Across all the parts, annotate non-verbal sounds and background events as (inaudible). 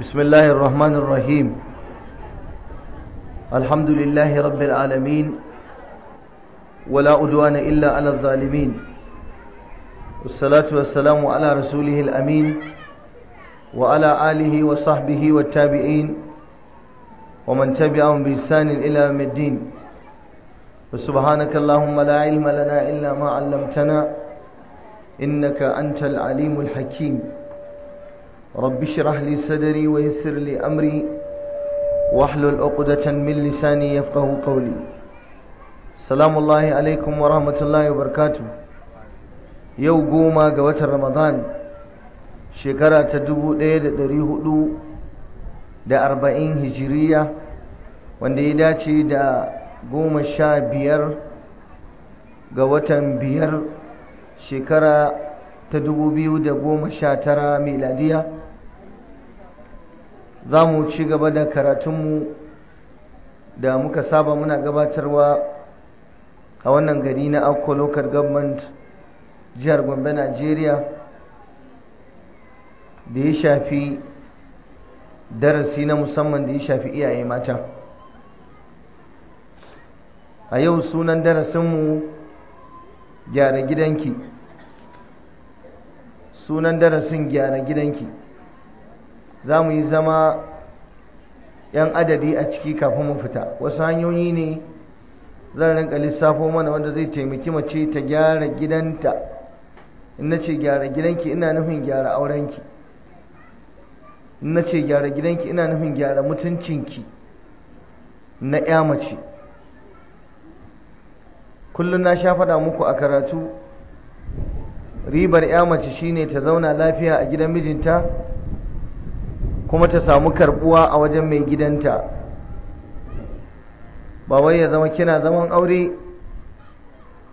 بسم الله الرحمن الرحيم الحمد لله رب العالمين ولا أدوان إلا على الظالمين والصلاة والسلام على رسوله الأمين وعلى آله وصحبه والتابعين ومن تبعهم بإحسان إلى يوم الدين وسبحانك اللهم لا علم لنا إلا ما علمتنا إنك أنت العليم الحكيم رب اشرح لي صدري ويسر لي أمري واحلل عقدة من لساني يفقه قولي سلام الله عليكم ورحمة الله وبركاته يو قوما قوات رمضان شكرا تدبو ليلة دريهدو da arba'in hijiriya wanda ya dace da goma sha biyar ga watan biyar shekara ta dubu biyu da goma sha tara miladiya za mu ci gaba da karatunmu da muka saba muna gabatarwa a wannan gari na akko local government jihar gombe nigeria da ya shafi darasi na musamman da ya shafi iyaye mata a yau sunan darasinmu gyara gidanki sunan darasin gyara gidanki za mu yi zama 'yan adadi a ciki kafin mu fita wasu hanyoyi ne zan rinka lissafo mana wanda zai taimaki mace ta gyara gidanta in na ce gyara gidanki ina nufin gyara aurenki in na ce gyara gidanki ina nufin gyara mutuncinki na 'ya mace kullum na sha faɗa muku a karatu ribar 'ya mace shine ta zauna lafiya a gidan mijinta kuma ta samu karbuwa a wajen mai gidanta ba wai ya zama kina zaman aure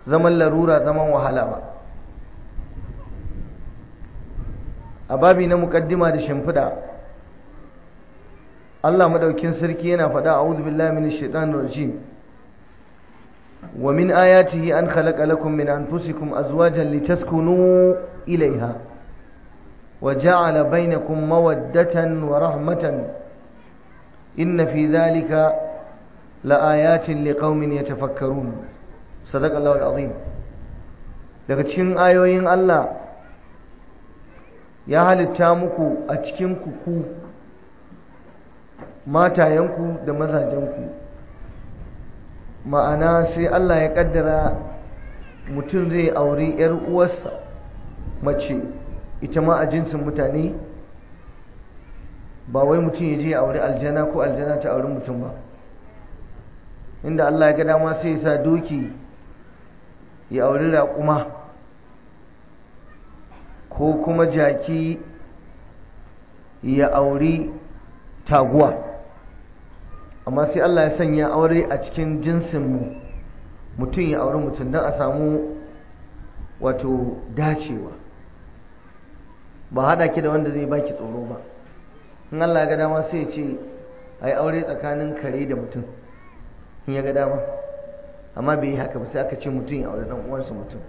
zaman larura zaman wahala ba a babi na mukaddima da shimfiɗa Allah Maɗaukin sarki yana faɗa a billahi Lamini, shaitanir rajim wa min ayatihi an khalaqa lakum min anfusikum azwajan litaskunu ilaiha وجعل بينكم مودة ورحمة إن في ذلك لآيات لقوم يتفكرون صدق الله العظيم daga cikin ayoyin Allah ya halitta muku a cikin ku matayenku da mazajenku ma'ana sai Allah ya kaddara mutum zai auri 'yar uwarsa mace ita ma a jinsin mutane ba wai mutum ya je a auri aljana ko aljana ta auri mutum ba inda Allah ya ga dama sai ya sa doki ya auri raƙuma ko kuma jaki ya auri taguwa amma sai Allah ya sanya aure a cikin jinsinmu mutum ya auri mutum don a samu wato dacewa ba hada ki da wanda zai baki tsoro ba in Allah ga dama sai ya ce ai aure tsakanin kare da mutum in ya ga dama amma bai yi haka ba sai aka ce mutum ya aure dan uwansa mutum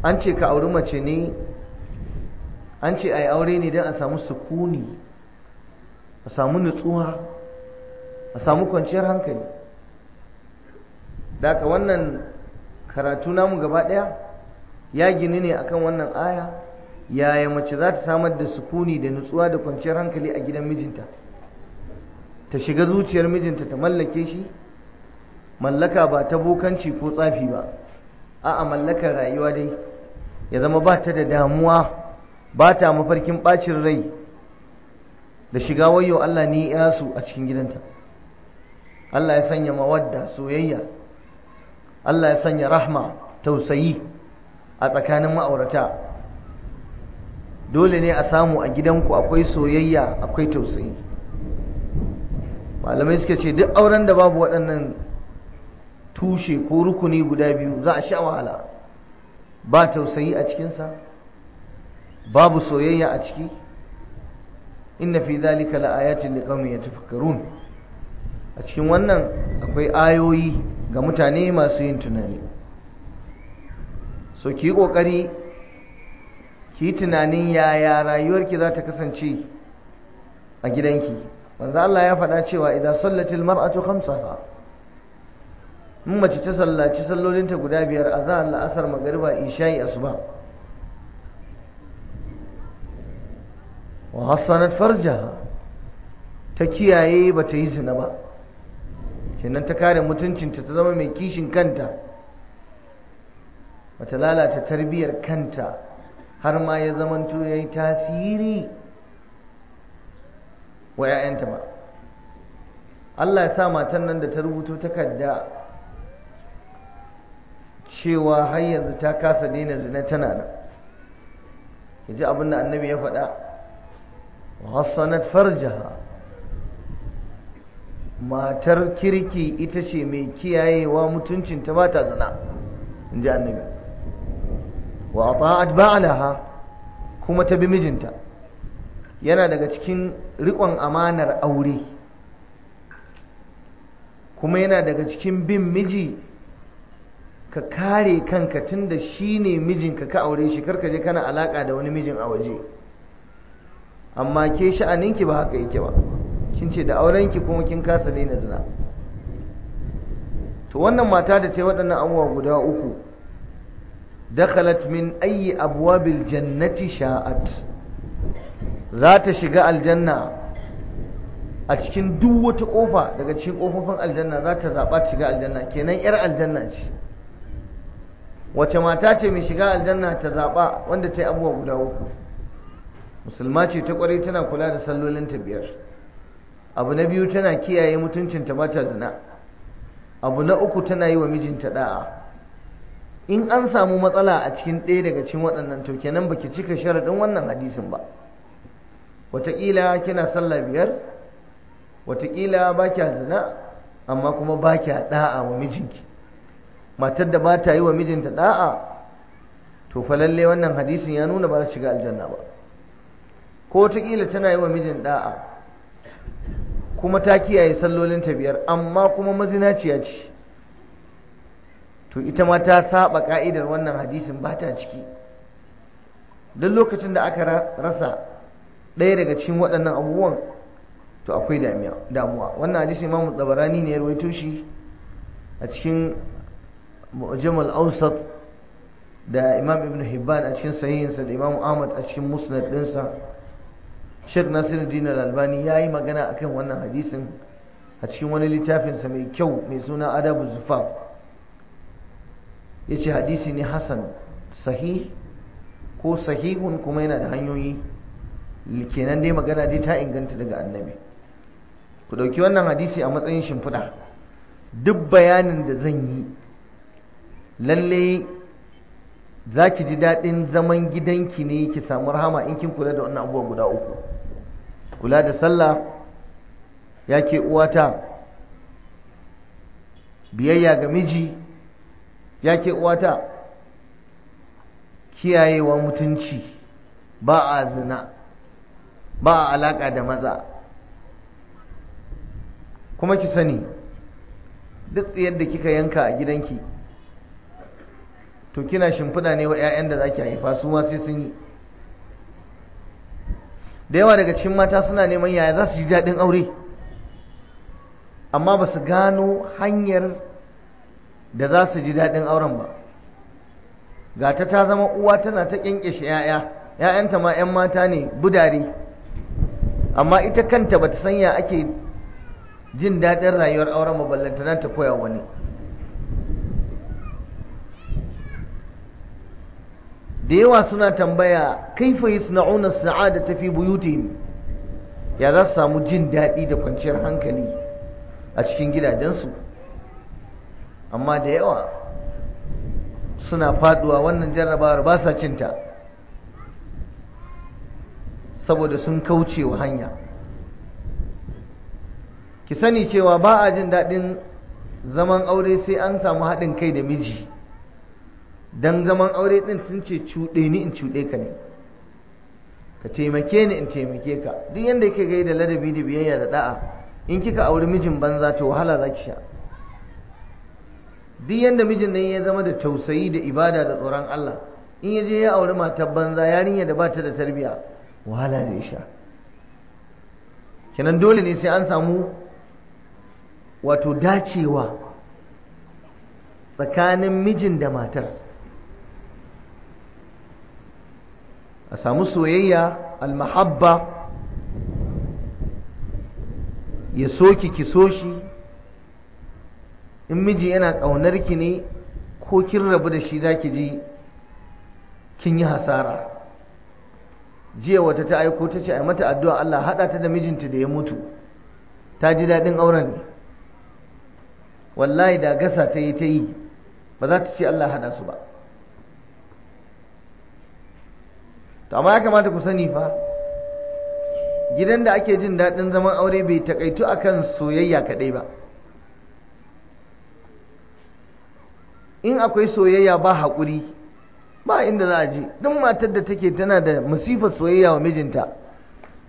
an ce ka auri mace ne an ce ai aure ne don a samu sukuni a samu nutsuwa a samu kwanciyar hankali da wannan karatu namu gaba ɗaya? ya gini ne akan wannan aya yaya mace za ta samar da sukuni da nutsuwa da kwanciyar hankali a gidan mijinta ta shiga zuciyar mijinta ta mallake shi mallaka ba ta bokanci ko tsafi ba a'a mallaka rayuwa dai ya zama ba ta da damuwa ba ta mafarkin bacin rai da shiga wayo Allah ni su a cikin gidanta Allah ya sanya mawadda soyayya Allah ya sanya rahma tausayi a tsakanin ma'aurata dole ne a samu a gidanku akwai soyayya akwai tausayi malamai suka ce duk auren da babu waɗannan tushe ko rukuni guda biyu za a sha wahala ba tausayi a cikinsa babu soyayya a ciki inna fi zalika la'ayatin liqaumin yatafakkarun a cikin wannan akwai ayoyi ga mutane masu yin tunani so ki kokari ki yi tunanin yaya rayuwarki za ta kasance a gidanki Wanzu Allah ya faɗa cewa idan sallatil mar'atu khamsaha in mace ta sallaci sallolinta guda biyar a azhar la'asar magriba isha'i ba. wa hassanat Farja ta kiyaye ba ta yi zina ba kenan ta kare mutuncinta ta zama mai kishin kanta ba ta lalata tarbiyyar kanta har ma ya zamanto ya yi tasiri wa 'ya'yanta ba Allah ya sa matan nan da ta rubuto takarda cewa har yanzu ta kasa daina zina tana nan ya ji abin da annabi ya faɗa hassanat farjaha matar kirki ita ce mai kiyayewa mutuncinta ba ta zina in ji annabi wa ata'at ba'laha kuma ta bi mijinta yana daga cikin riƙon amanar aure kuma yana daga cikin bin miji ka kare kanka tunda shi ne mijinka ka aure shi karka je kana alaƙa da wani mijin a waje amma ke sha'aninki ba haka yake ba kin ce da aurenki kuma kin kasa daina zina to wannan mata da ce waɗannan abubuwa guda uku dakalat min ayi abwabil jannati sha'at za ta shiga aljanna a cikin duk wata kofa daga cikin kofofin aljanna za ta zaɓa shiga aljanna kenan yar aljanna ce wace mata ce mai shiga aljanna ta zaɓa wanda ta yi abuwa guda uku musulma ce ta kwari tana kula da sallolin ta biyar abu na biyu tana kiyaye mutuncinta ba ta zina abu na uku tana yi wa mijinta da'a in an samu matsala a cikin ɗaya daga cikin waɗannan to kenan baki cika sharaɗin wannan hadisin ba wataƙila kina sallah biyar wataƙila ba kya zina amma kuma ba kya ɗa'a wa mijinki matar da ba ta yi wa mijinta ɗa'a to fa lalle wannan hadisin ya nuna ba za shiga aljanna ba ko wataƙila tana yi wa mijin ɗa'a kuma ta kiyaye sallolin ta biyar amma kuma mazinaciya ce to ita ma ta saba ka'idar wannan hadisin ba ta ciki duk lokacin da aka rasa ɗaya daga cikin waɗannan abubuwan to akwai damuwa wannan hadisin imamu tsabarani ne ya rawaito shi a cikin mu'jamal awsat da imam ibn hibban a cikin sahihinsa da imam ahmad a cikin musnad ɗinsa shek nasiru al-albani ya yi magana akan wannan hadisin a cikin wani littafinsa mai kyau mai suna adabu zufaf yace hadisi ne hasan sahih ko sahihun kuma yana da hanyoyi kenan dai magana dai ta inganta daga annabi ku dauki wannan hadisi a matsayin shimfiɗa duk bayanin da zan yi lalle za ki ji daɗin zaman gidanki ne ki samu rahama in kin kula da wannan abubuwa guda uku kula da sallah ya ke uwata biyayya ga miji ya ke uwata kiyayewa mutunci ba a zina ba a alaƙa da maza kuma ki sani duk tsayar da kika yanka a gidanki to kina shimfiɗa ne wa 'ya'yan da za ki haifa su ma sai sun yi da yawa daga cikin mata suna neman yaya za su ji daɗin aure amma ba su gano hanyar da za su ji daɗin auren ba gata ta zama uwa tana ta ƙyanƙyashe 'ya'ya 'ya'yanta ma 'yan mata ne budare amma ita kanta ba ta sanya ake jin daɗin rayuwar auren ba, ta koya wani da yawa suna tambaya kai kaifa yasna'una sa'ada da fi buyutihim ya za su samu jin daɗi da kwanciyar hankali a cikin gidajensu amma da yawa suna faduwa wannan jarrabawar ba sa cinta saboda sun kauce wa hanya ki sani cewa ba a jin daɗin zaman aure sai an samu haɗin kai da miji don zaman aure ɗin sun ce cuɗe ni in cuɗe ka ne ka taimake ni in taimake ka duk yadda ke gai da ladabi da biyayya da ɗa'a in kika auri mijin banza to wahala za ki sha duk yadda mijin nan ya zama da tausayi da ibada da tsoron Allah in ya je ya auri matar banza yarinya da bata da tarbiya wahala da isha kenan dole ne sai an samu wato dacewa tsakanin mijin da matar a samu soyayya almahabba ya soki ki shi in miji yana ƙaunar ne ko kin rabu da shi za ki ji kin yi hasara jiya wata ta aiko ta ce a mata addu'a Allah haɗa ta da mijinta da ya mutu ta ji daɗin auren wallahi da gasa ta yi ta yi ba za ta ce Allah haɗa su ba to amma ya kamata ku sani fa gidan da ake jin daɗin zaman aure bai taƙaitu akan soyayya kaɗai ba in akwai soyayya ba haƙuri ba inda za a je duk matar da take tana da masifar soyayya wa mijinta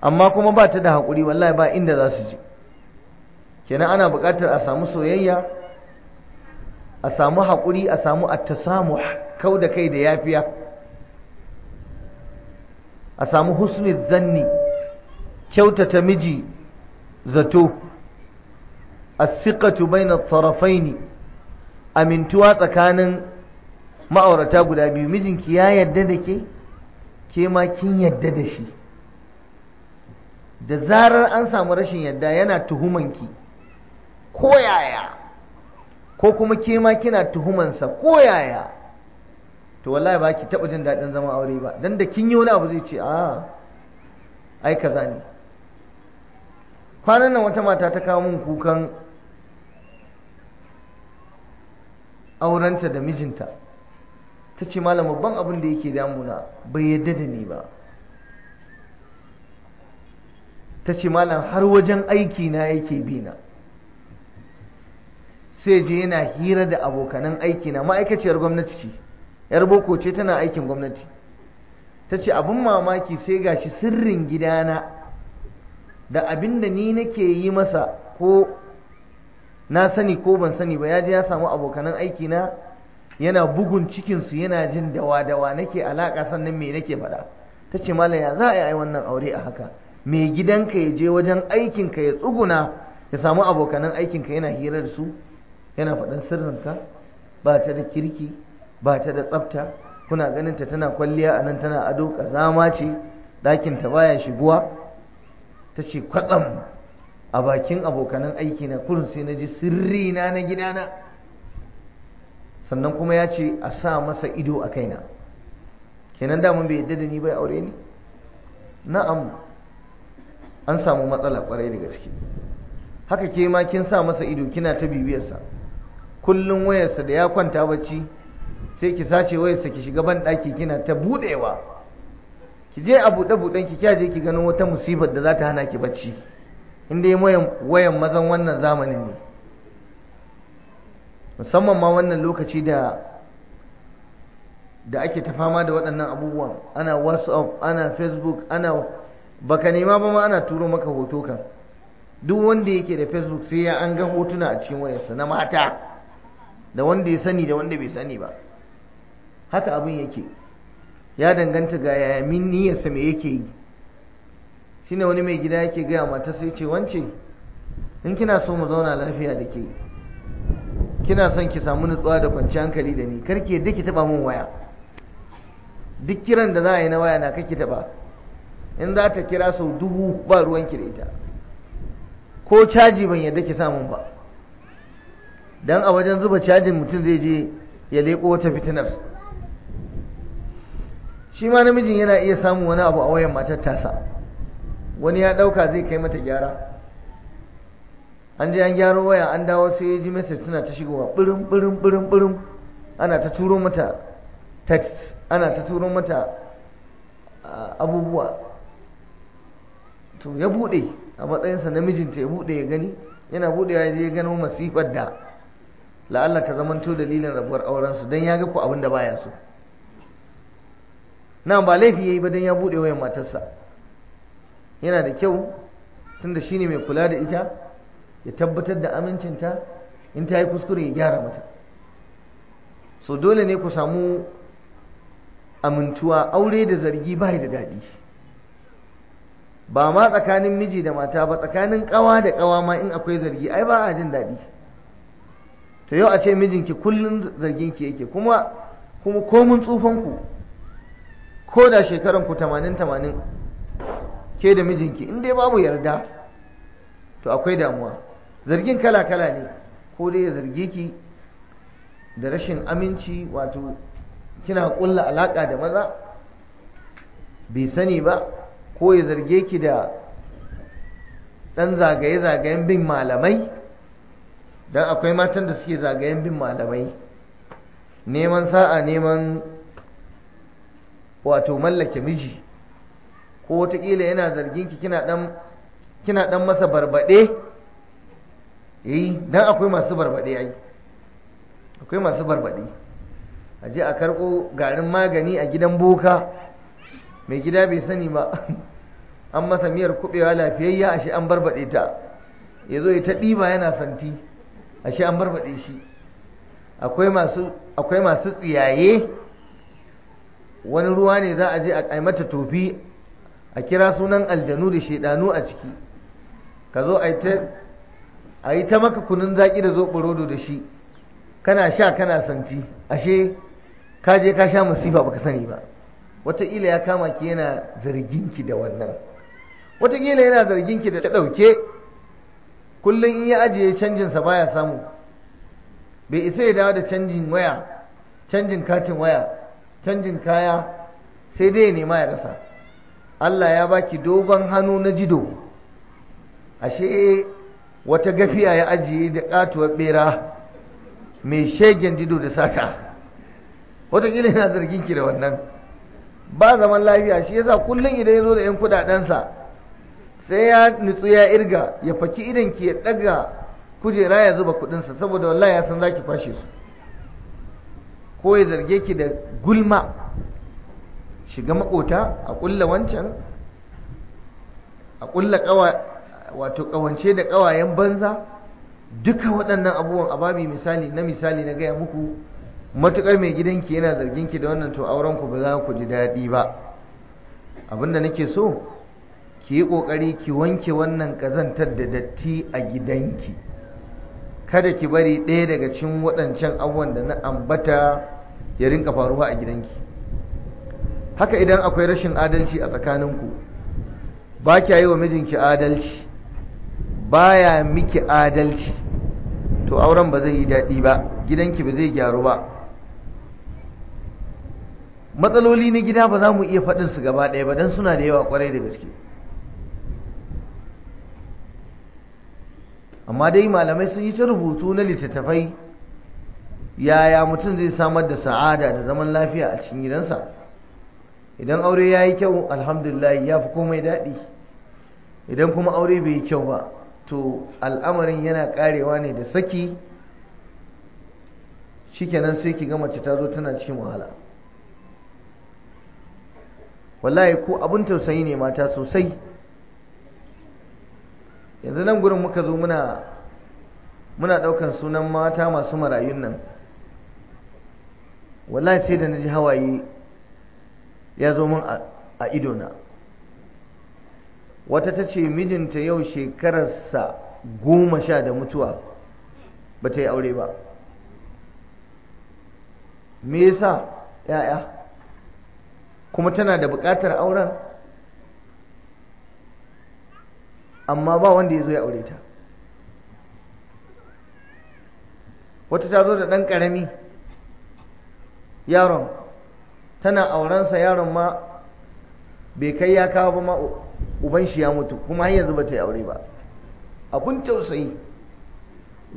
amma kuma ba ta da haƙuri wallahi ba inda za su je kenan ana buƙatar a samu soyayya a samu haƙuri a samu attasamu kau da kai da yafiya a samu husnul zanni kyautata miji zato as-siqatu bayna tsarafai tarafaini amintuwa tsakanin ma'aurata guda biyu mijinki ya yadda da ke ke ma kin yadda da shi da zarar an samu rashin yadda yana tuhumanki ko yaya ko kuma ke ma kina tuhumansa ko yaya to wallahi ba ki taɓa jin daɗin zama aure ba don da kin yi wani abu zai ce a ai kaza ne kwanan nan wata mata ta kawo min kukan aurenta da mijinta ta ce malam babban abin da yake damuna bai yadda da ni ba ta ce malam har wajen aiki na yake bina sai je yana hira da abokanan aiki na ma'aikaciyar gwamnati ce yar boko ce tana aikin gwamnati ta ce abin mamaki sai gashi sirrin gidana da abin da ni nake yi masa ko na sani ko ban sani ba ya ji ya samu abokanan aiki na yana bugun cikinsu yana jin dawa dawa nake alaka sannan me nake faɗa ta ce malam ya za a yi wannan aure a haka mai gidanka ya je wajen aikinka ya tsuguna ya samu abokanan aikinka yana hira da su yana faɗan sirrinka ba ta da kirki ba ta da tsafta kuna ganin ta tana kwalliya a nan tana ado kazama ce ɗakinta baya shiguwa ta ce kwatsam a bakin abokanan aiki na kurin sai na ji sirri na na gidana sannan kuma ya ce a sa masa ido a kaina kenan damun bai yadda da ni bai aure ni na'am an samu matsala kwarai da gaske haka ke ma kin sa masa ido kina ta bibiyarsa kullum wayarsa da ya kwanta bacci sai ki sace wayarsa ki shiga ban ɗaki kina ta buɗewa ki je a buɗe buɗen ki je ki ganin wata musibar da za ta hana ki bacci in dai wayan mazan wannan zamanin ne musamman ma wannan lokaci da da ake ta fama da waɗannan abubuwan ana whatsapp ana facebook ana baka nema ba ma ana turo maka hoto kan duk wanda yake da facebook sai ya an ga hotuna a cikin wayarsa na mata da wanda ya sani da wanda bai sani ba haka abin yake ya danganta ga yaya niyyarsa me yake yi shine wani mai gida yake gaya mata sai ce wance in kina so mu zauna lafiya da ke kina son ki samu nutsuwa da kwanciyar hankali da ni karki yadda ki taba min waya duk kiran da za a yi na waya na kake taba in za ta kira sau dubu ba ruwan ki da ita ko caji ban yadda ki samun ba dan a wajen zuba cajin mutum zai je ya leko wata fitinar shi ma namijin yana iya samun wani abu a wayan matar tasa wani ya ɗauka zai kai mata gyara an je an gyaro waya an dawo sai ya ji message suna ta shigowa birin birin birin birin ana ta turo mata text ana ta turo mata ah, abubuwa to ya bude a matsayinsa namijinta ya bude ya gani yana bude ya je gano masifar da la'alla ta zamanto dalilin rabuwar aurensu don ya ga ku abin da baya so na ba laifi ya yi ba don ya bude wayan matarsa yana da kyau tunda ne mai kula da ita ya tabbatar da amincinta in ta yi kuskure ya gyara mata so dole ne ku samu amintuwa aure da zargi bai da daɗi ba ma tsakanin miji da mata ba tsakanin ƙawa da ƙawa ma in akwai zargi ai ba a jin daɗi Ta yau a ce mijinki kullum zarginki yake kuma kuma komin tsufanku ko da shekaranku tamanin tamanin ke da mijinki in dai babu yarda to akwai damuwa zargin kala-kala ne ko dai ya ki da rashin aminci wato kina kulla alaƙa da maza bai sani ba ko ya zarge ki da ɗan zagaye-zagayen bin malamai don akwai matan da suke zagayen bin malamai neman sa'a neman wato mallake miji ko wataƙila yana zargin ki kina dan kina dan masa barbade eh dan akwai masu barbade ai akwai masu barbade a je a karɓo garin magani a gidan boka mai gida bai sani ba (laughs) an masa miyar kuɓewa lafiyayya ashe an barbaɗe ta ya zo ya ta ɗiba yana santi ashe an barbaɗe shi akwai masu tsiyaye wani ruwa ne za a je a mata tofi a kira sunan aljanu da shaidanu a ciki ka zo a yi ta maka kunun zaki da zoɓo rodo da shi kana sha kana santi ashe ka je ka sha ba baka sani ba wataƙila ya kama ki yana zarginki da wannan wataƙila yana zarginki da ta ɗauke kullum in ya ajiye canjinsa baya samu bai isa ya dawo da canjin waya canjin katin waya canjin kaya sai dai ya nema ya rasa Allah ya baki dogon hannu na jido ashe wata gafiya ya ajiye da katuwar bera mai shegen jido da sata wataƙila yana zargin ki da wannan ba zaman lafiya shi yasa kullum idan ya zo da 'yan kudadensa sai ya nutsu ya irga ya faki idan ki ya ɗaga kujera ya zuba kudinsa saboda wallahi ya san za ki fashe su ko ya zarge ki da gulma shiga makota a kulla wancan a kulla kawa wato kawance da kawayen banza duka waɗannan abubuwan a babi misali na misali na gaya muku Matuƙar mai gidanki yana zargin ki da wannan to auren ku ba za ku ji daɗi ba abinda nake so ki yi ƙoƙari ki wanke wannan ƙazantar da datti a gidanki kada ki bari ɗaya daga cikin waɗancan abubuwan da na ambata ya rinka faruwa a gidanki haka idan akwai rashin adalci a tsakaninku ba kya yi wa mijinki adalci ba ya miki adalci to auren ba zai yi daɗi ba gidanki ba zai gyaru ba matsaloli na gida ba za mu iya faɗin su gaba ɗaya ba don suna da yawa ƙwarai da gaske amma dai malamai sun yi ta rubutu na littattafai yaya mutum zai samar da sa'ada da zaman lafiya a cikin gidansa idan aure ya yi kyau alhamdulillah ya fi komai daɗi idan kuma aure bai yi kyau ba to al'amarin yana karewa ne da saki shikenan sai ki gama ta zo tana cikin wahala wallahi ko abin tausayi ne mata sosai yanzu nan gurin muka zo muna muna ɗaukan sunan mata masu marayun nan wallahi sai da na ji hawaye ya zo min a idona wata ta ce mijinta yau shekararsa goma sha da mutuwa ba ta yi aure ba me yasa ya'ya kuma tana da buƙatar auren amma ba wanda ya zo ya aure ta wata ta zo da ɗan ƙarami yaron tana aurensa yaron ma bai kai ya kawo ba ma uban shi ya mutu kuma har yanzu ba ta yi aure ba abun tausayi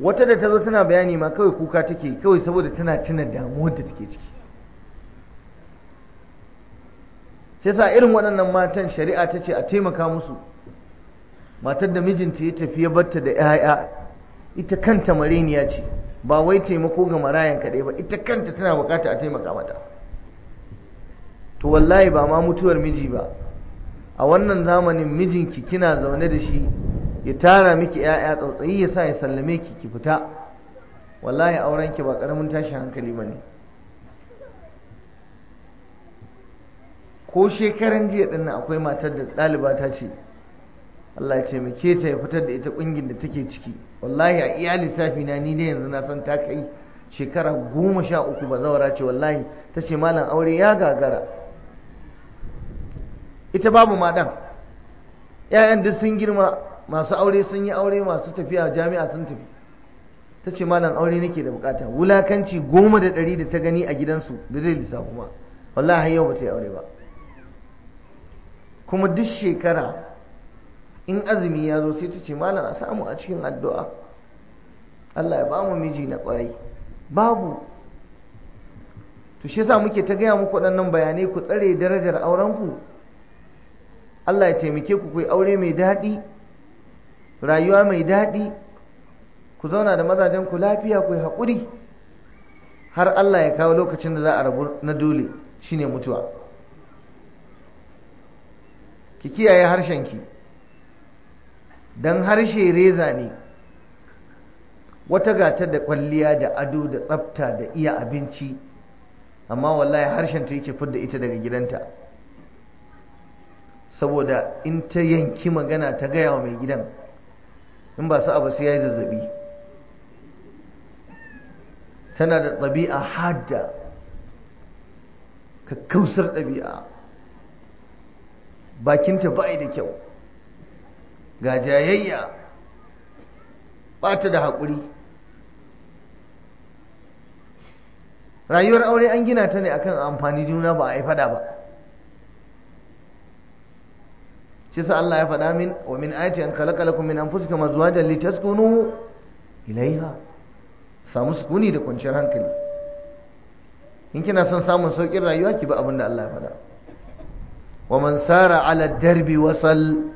wata da ta zo tana bayani ma kawai kuka take kawai saboda tana tuna damuwar da take ciki shi yasa irin waɗannan matan shari'a ta ce a taimaka musu matar da mijinta ya tafi ya batta da 'ya'ya ita kanta mareniya ce ba wai taimako ga marayan kaɗai ba ita kanta tana bukata a taimaka mata to wallahi ba ma mutuwar miji ba a wannan zamanin mijinki kina zaune da shi ya tara miki ‘ya'ya tsautsayi ya sa ya sallame ki ki fita wallahi aurenki ba karamin tashin hankali ba ne ko shekaran jiya ɗin akwai matar da ɗaliba ta ce Allah ya taimake ta ya fitar da ita ƙungin da take ciki wallahi a iya lissafi na ni ne yanzu na san ta kai shekara goma sha uku ba zawara ce wallahi ta ce malam aure ya gagara ita babu ma ɗan ‘ya'yan duk sun girma masu aure sun yi aure masu tafiya jami'a sun tafi ta ce malam aure nake da bukata wulakanci goma da ɗari da ta gani a gidansu da zai lissafu ma wallahi yau ba ta yi aure ba kuma duk shekara in azumi ya zo sai ta ce malam a samu a cikin addu'a Allah ya ba mu miji na kwarai babu to shi yasa muke ta gaya muku waɗannan bayanai ku tsare darajar aurenku Allah ya taimake ku kai aure mai daɗi rayuwa mai daɗi ku zauna da mazajen ku lafiya ku hakuri. har Allah ya kawo lokacin da za a rabu na dole shine mutuwa ki kiyaye harshen ki. don harshe reza ne wata gata da kwalliya da ado da tsafta da iya abinci amma wallahi harshen ta yake fidda ita daga gidanta saboda in ta yanki magana ta gaya wa mai gidan in ba su abu sai ya yi zazzabi tana da ɗabi'a hadda ka kausar ɗabi'a bakinta ba da kyau ga jayayya ba ta da haƙuri rayuwar aure an gina ta ne akan amfani juna ba a yi fada ba shi sa Allah ya faɗa min wa min ayati an khalaqa lakum min anfusikum azwajan litaskunu ilaiha samu sukuni da kwanciyar hankali in kina son samun saukin rayuwa ki bi abin da Allah ya faɗa wa man sara ala darbi wasal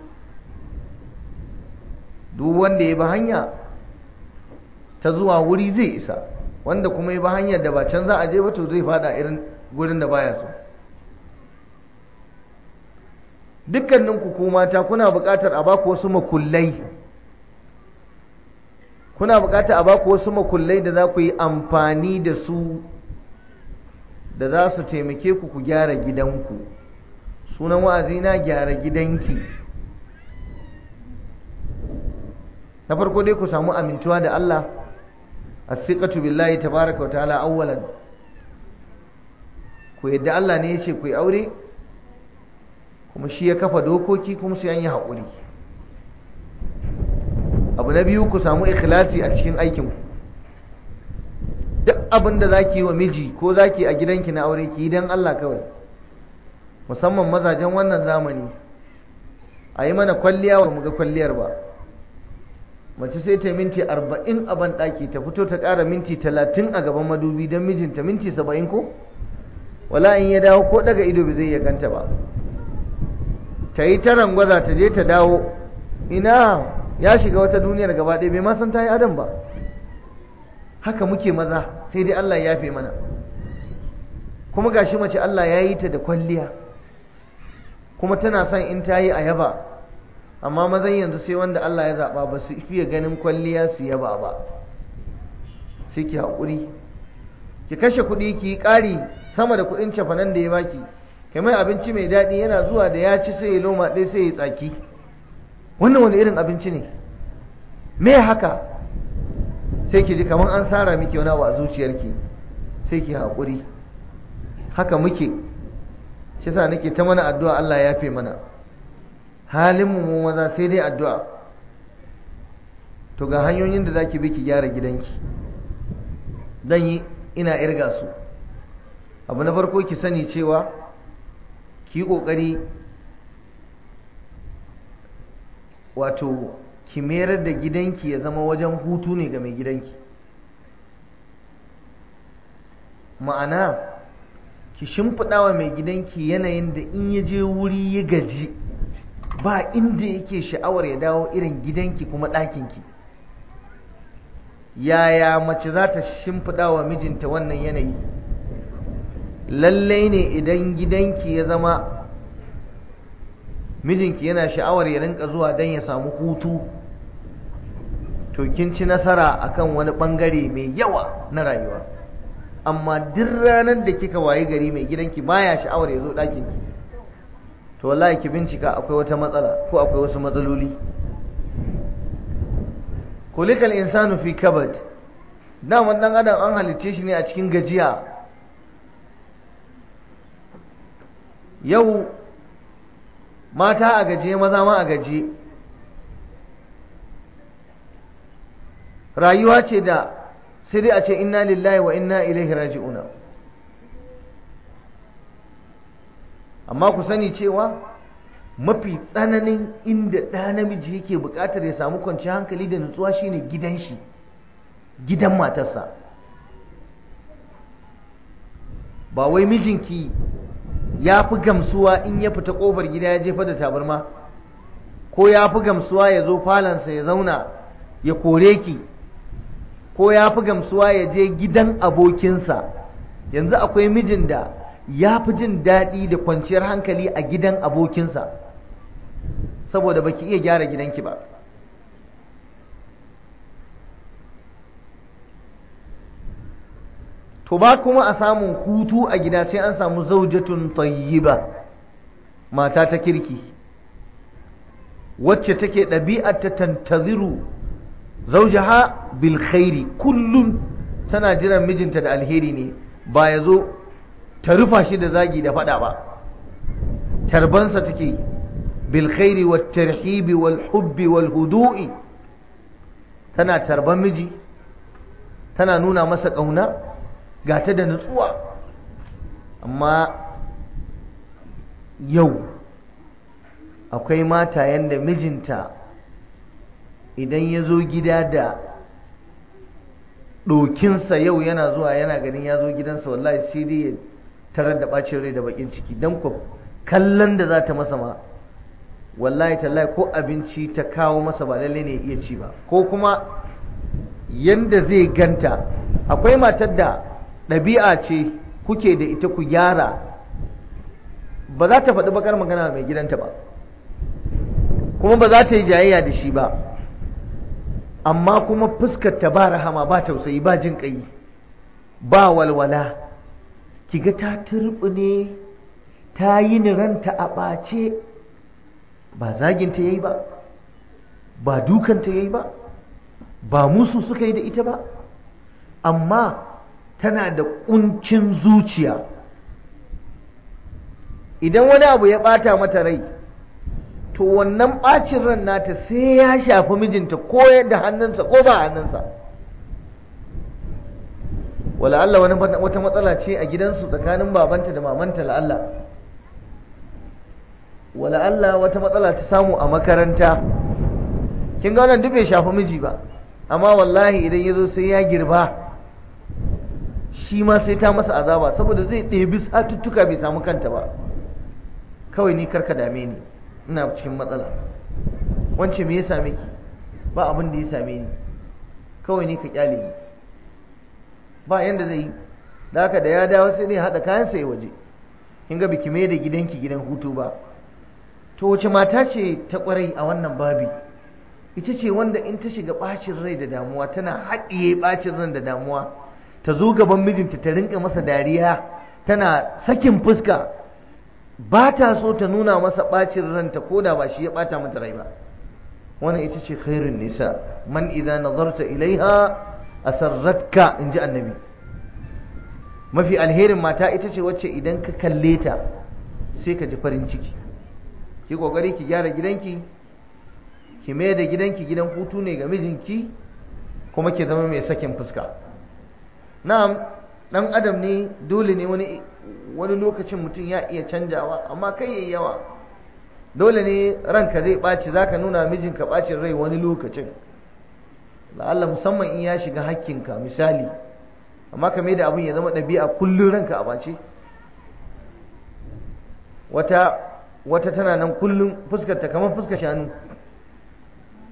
duk wanda ya bi hanya ta zuwa wuri zai isa wanda kuma ya bi hanyar da ba can za a je ba to zai faɗa irin gurin da baya so dukkaninku ku mata kuna buƙatar a baku wasu makullai kuna buƙatar a baku wasu makullai da za ku yi amfani da su da za su taimake ku ku gyara gidanku sunan wa'azi na gyara gidanki na farko dai ku samu amintuwa da Allah as billahi tabaaraka wa ta'ala awwalan ku yadda Allah ne yace ku yi aure kuma shi ya kafa dokoki kuma sai an yi haƙuri abu na biyu ku samu ikhlasi a cikin aikinku duk abin da za ki yi wa miji ko za ki a gidanki na aure ki yi don Allah kawai musamman mazajen wannan zamani a yi mana kwalliya wa ga kwalliyar ba mace sai ta minti arba'in a ban ɗaki ta fito ta ƙara minti talatin a gaban madubi don mijinta minti saba'in ko wala in ya dawo ko daga ido ba zai iya ganta ba ta yi taran gwaza ta je ta dawo ina ya shiga wata duniyar gaba ɗaya bai ma san ta yi adam ba haka muke maza sai dai Allah ya yafe mana kuma gashi mace Allah ya yi ta da kwalliya kuma tana son in ta yi a yaba amma mazan yanzu sai wanda Allah ya zaɓa ba su fiye ganin kwalliya su yaba ba sai ki haƙuri ki kashe kuɗi ki yi ƙari sama da kuɗin cefanen da ya baki kamar abinci mai daɗi yana zuwa da ya ci sai ya loma ɗai sai ya tsaki wannan wani irin abinci ne me haka sai ki ji kamar an tsara miki wani abu a zuciyarki sai ki haƙuri haka muke shi sa nake ta mana addu'a Allah ya fi mana halin mu maza sai dai addu'a to ga hanyoyin da zaki bi ki gyara gidanki dan yi ina irga su abu na farko ki sani cewa ki kokari wato ki mayar da gidanki ya zama wajen hutu ne ga mai gidanki ma'ana ki shimfiɗa wa mai gidanki yanayin da in ya je wuri ya gaji ba inda yake sha'awar ya dawo irin gidanki kuma ɗakinki yaya mace za ta shimfiɗa wa mijinta wannan yanayi lallai ne idan gidanki ya zama mijinki yana sha'awar ya rinka zuwa don ya samu hutu to kin ci nasara akan wani bangare mai yawa na rayuwa amma duk ranar da kika wayi gari mai gidanki baya sha'awar ya zo ɗakinki to wallahi ki bincika akwai wata matsala ko akwai wasu matsaloli kulikal insanu fi kabad daman dan adam an halicce shi ne a cikin gajiya yau mata a gaje maza ma a gaje rayuwa ce da sai dai a ce inna lillahi wa inna ilaihi raji'una amma ku sani cewa mafi tsananin inda ɗa namiji yake buƙatar ya samu kwanciyar hankali da nutsuwa shine gidan shi gidan matarsa ba wai mijinki ya fi gamsuwa in ya fita kofar gida ya jefa da tabarma ko ya fi gamsuwa ya zo falansa ya zauna ya kore ki ko ya fi gamsuwa ya je gidan abokinsa yanzu akwai mijin da ya fi jin daɗi da kwanciyar hankali a gidan abokinsa saboda baki iya gyara gidanki ba to ba kuma a samun hutu a gida sai an samu zaujatun tayyiba mata ta kirki wacce take ɗabi'ar ta tantaziru zaujaha bil kullum tana jiran mijinta da alheri ne ba ya zo ta rufa shi da zagi da faɗa ba tarbansa take bilkhairi khairi tarhibi wal hubbi wal hudu'i tana tarban miji tana nuna masa ƙauna ga da nutsuwa amma yau akwai mata yadda mijinta idan ya zo gida da ɗokinsa yau yana zuwa yana ganin ya zo gidansa wallahi sai dai ya tarar da ɓacin rai da baƙin ciki don ku kallon da za ta masa ma wallahi tallahi ko abinci ta kawo masa ba lallai ne iya ci ba ko kuma yanda zai ganta akwai matar da ɗabi'a ce kuke da ita ku gyara ba za ta faɗi bakar magana mai gidanta ba kuma ba za ta yi jayayya da shi ba amma kuma fuskar ta ba rahama ba tausayi ba jin ƙai ba walwala Ki ga ta ne ta yi ni ranta a ɓace ba zaginta ya yi ba ba dukanta ya yi ba ba musu suka yi da ita ba amma tana da ƙuncin zuciya idan wani abu ya ɓata mata rai to wannan ɓacin ran nata sai ya shafi mijinta ko da hannunsa ko ba hannunsa wala Allah wani wata matsala ce a gidansu tsakanin babanta da mamanta la'alla? wala Allah wata matsala ta samu a makaranta kin ga wannan duk bai shafi miji ba amma wallahi idan ya zo sai ya girba shi ma sai ta masa azaba saboda zai ɗebi satuttuka bai samu kanta ba kawai ni karka dame ni ina cikin matsala wance me ya same ki ba abin da ya same ni kawai ni ka kyale ni ba yanda zai yi da haka da ya dawo sai ne haɗa kayan sai waje kin ga biki me da gidanki gidan hutu ba to wace mata ce ta kwarai a wannan babi ita ce wanda in ta shiga bacin rai da damuwa tana haɗiye bacin ran da damuwa ta zo gaban mijinta ta rinka masa dariya tana sakin fuska ba ta so ta nuna masa bacin ranta ko da ba shi ya bata mata rai ba wannan ita ce khairun nisa man idza nazarta ilaiha asarratka inji annabi mafi alherin mata ita ce wacce idan ka kalle ta sai ka ji farin ciki ki kokari ki gyara gidanki ki mai da gidanki gidan hutu ne ga mijinki kuma ki zama mai sakin fuska na'am dan adam ne dole ne wani wani lokacin mutum ya iya canjawa amma kai yayi yawa dole ne ranka zai ɓaci zaka nuna mijin ka ɓacin rai wani lokacin Allah musamman in ya shiga hakkinka misali amma ka mai da abin ya zama ɗabi'a kullum ranka a bace wata wata tana nan kullum fuskarta kamar fuskar shanu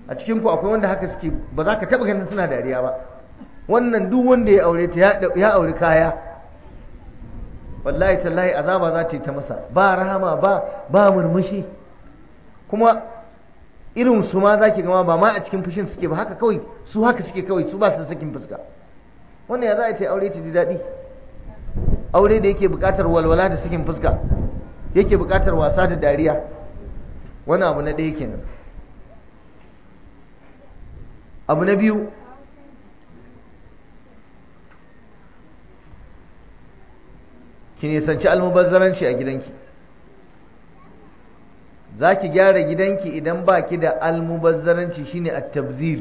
a cikin ku akwai wanda haka suke ba za ka taɓa ganin suna dariya ba wannan duk wanda ya aure ta ya aure kaya wallahi tallahi azaba za ta yi ta masa ba rahama ba ba murmushi kuma irin su ma ki gama ba ma a cikin fushin suke ba haka kawai su haka suke kawai su ba su sakin fuska wannan ya za a ta aure ta ji daɗi aure da yake buƙatar walwala da sakin fuska yake buƙatar wasa da dariya wani abu na ɗaya kenan abu na biyu ki nisanci almubazzaranci a gidanki za ki gyara gidanki idan ba ki da almubazzaranci shine a tabzir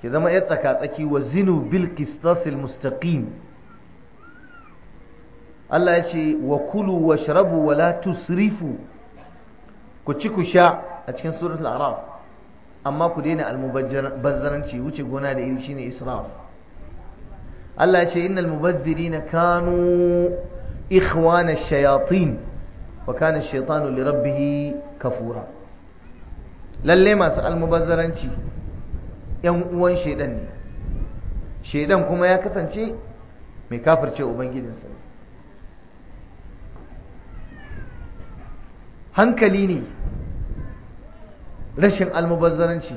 ki zama yar tsaka-tsaki wa zinu bil mustaqim Allah ya ce wa kulu wa shrabu wa la tusrifu ku ci ku sha a cikin suratul araf amma ku daina almubazzaranci wuce gona da iri shine israf Allah ya ce innal na kanu ikhwana shayatin wa kana shaytanu li rabbih kafura lalle masu almubazzaranci yan uwan shedan ne shedan kuma ya kasance mai kafirce ubangijinsa hankali ne rashin almubazzaranci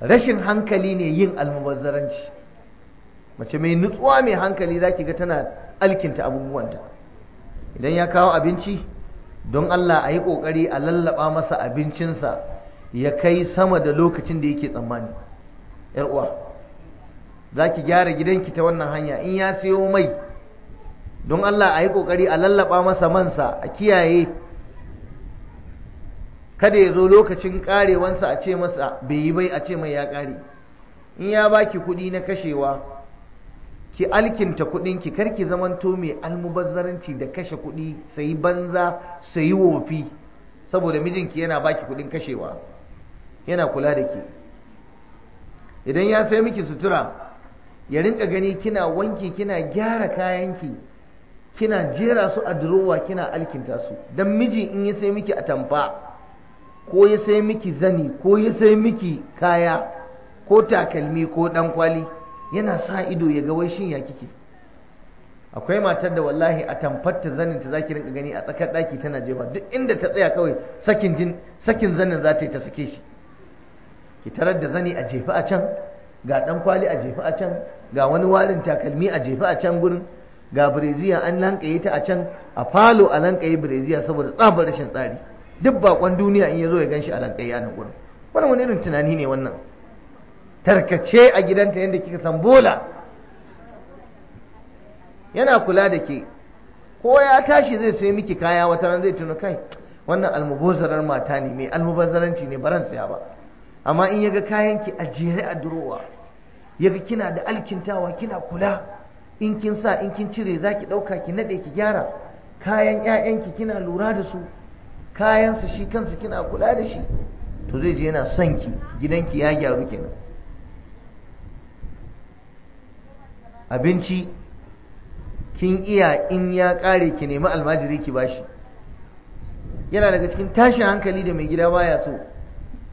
rashin hankali ne yin almubazzaranci mace mai nutsuwa mai hankali za ki ga tana alkinta abubuwanta idan ya kawo abinci don Allah a yi ƙoƙari a lallaba masa abincinsa ya kai sama da lokacin da yake tsammani Yar uwa za ki gyara gidanki ta wannan hanya in ya siyo mai don Allah a yi ƙoƙari a lallaba masa mansa a kiyaye kada ya zo lokacin karewansa a ce masa bai yi bai a ce mai ya ƙare in ya baki kuɗi na kashewa ki alkinta kuɗin ki karki zamanto mai almubazzaranci da kashe kudi sai banza sai wofi saboda mijinki yana baki kuɗin kashewa yana kula da ki idan ya sai miki sutura ya rinka gani kina wanki kina gyara kayanki kina jera su a durowa kina alkinta su dan miji in ya sai miki atamfa ko ya sai miki zani ko ya sai miki kaya ko takalmi ko dan kwali yana sa ido ya ga wai shin ya kike akwai matar da wallahi a tamfatta zanin ta zaki rinka gani a tsakar daki tana jewa duk inda ta tsaya kawai sakin jin sakin zanin za ta yi ta sake shi ki tarar da zani a jefa a can ga dan kwali a jefa a can ga wani warin takalmi a jefa a can gurin ga bireziya an lankaye ta a can a falo a lankaye bireziya saboda tsabar rashin tsari duk bakon duniya in ya zo ya ganshi a lankaye a nan gurin wani irin tunani ne wannan tarkace a gidanta yadda kika san bola yana kula da ke ko ya tashi zai sai miki kaya wata ran zai tuno kai wannan almubazarar mata ne mai almubazaranci ne baran siya ba amma in yaga kayan ki a jere a durowa yaga kina da alkintawa kina kula in kin sa in kin cire zaki ɗauka, ki naɗe ki gyara kayan ƴaƴanki kina lura da su kayan su shi kansu kina kula da shi to zai je yana son ki gidanki ya gyaru kenan abinci kin iya in ya ƙare ki nemi almajiri ki bashi yana daga cikin tashin hankali da mai gida baya so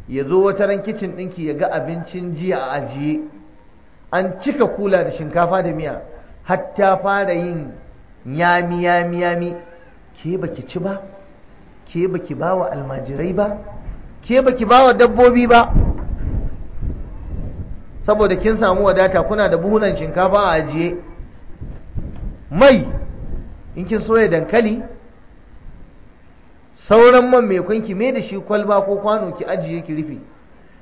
ya zo wata ran kicin ɗinki ya ga abincin jiya a ajiye an cika kula da shinkafa da miya hatta fara yin yami yami yami ke baki ci ba ke baki ba almajirai ba ke baki bawa dabbobi ba saboda kin samu wadata kuna da buhunan shinkafa a ajiye mai in kin soya dankali sauran man mai kwanki mai da shi kwalba ko kwano ki ajiye ki rufe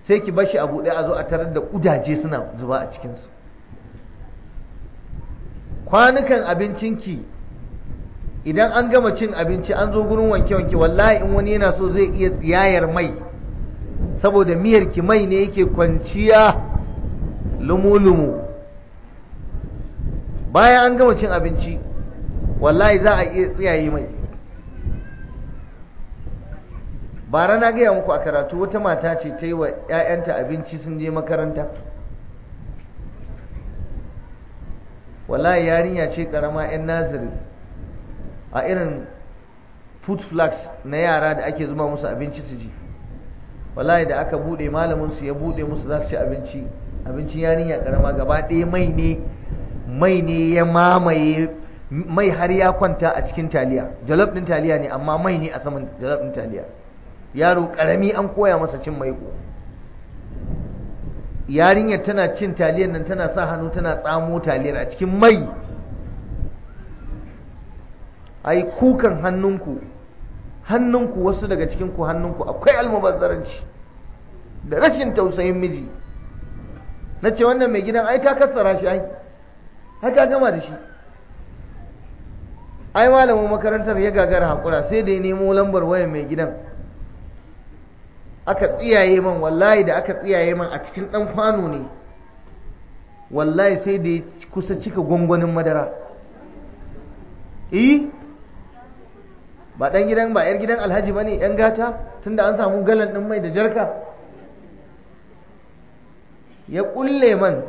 sai ki bashi a buɗe a zo a tarar da ƙudaje suna zuba a cikinsu kwanukan abincinki idan an gama cin abinci an zo gurin wanke-wanke wallahi in wani yana so zai iya tsiyayar mai saboda miyarki mai ne yake kwanciya lumulumu bayan an gama cin abinci wallahi za a iya tsiyaye mai bara na gaya muku a karatu wata mata ce ta yi wa 'ya'yanta abinci sun je makaranta wallahi yarinya ce karama 'yan naziri a irin food flags na yara da ake zuma musu abinci su ji wallahi da aka bude malaminsu ya bude musu za su ci abinci abincin yarinya karama gaba ɗaya mai ne mai ne ya mamaye mai har ya kwanta a cikin taliya jalof ɗin taliya ne amma mai ne a saman jalof ɗin taliya yaro karami an koya masa cin maiko yarinyar tana cin taliyar nan tana sa hannu tana tsamo taliyar a cikin mai ai kukan hannunku hannunku wasu daga cikinku hannunku akwai almubazzaranci da rashin tausayin miji na ce wannan mai gidan ai ka kassara shi ai ka gama da shi ai malamin makarantar ya gagara hakura sai da ya nemo lambar wayan mai gidan aka tsiyaye man wallahi da aka tsiyaye man a cikin ɗan kwano ne wallahi sai da ya kusa cika gwangwanin madara eh ba ɗan gidan ba 'yar gidan alhaji ba ne 'yan gata tunda an samu galan ɗin mai da jarka ya kulle man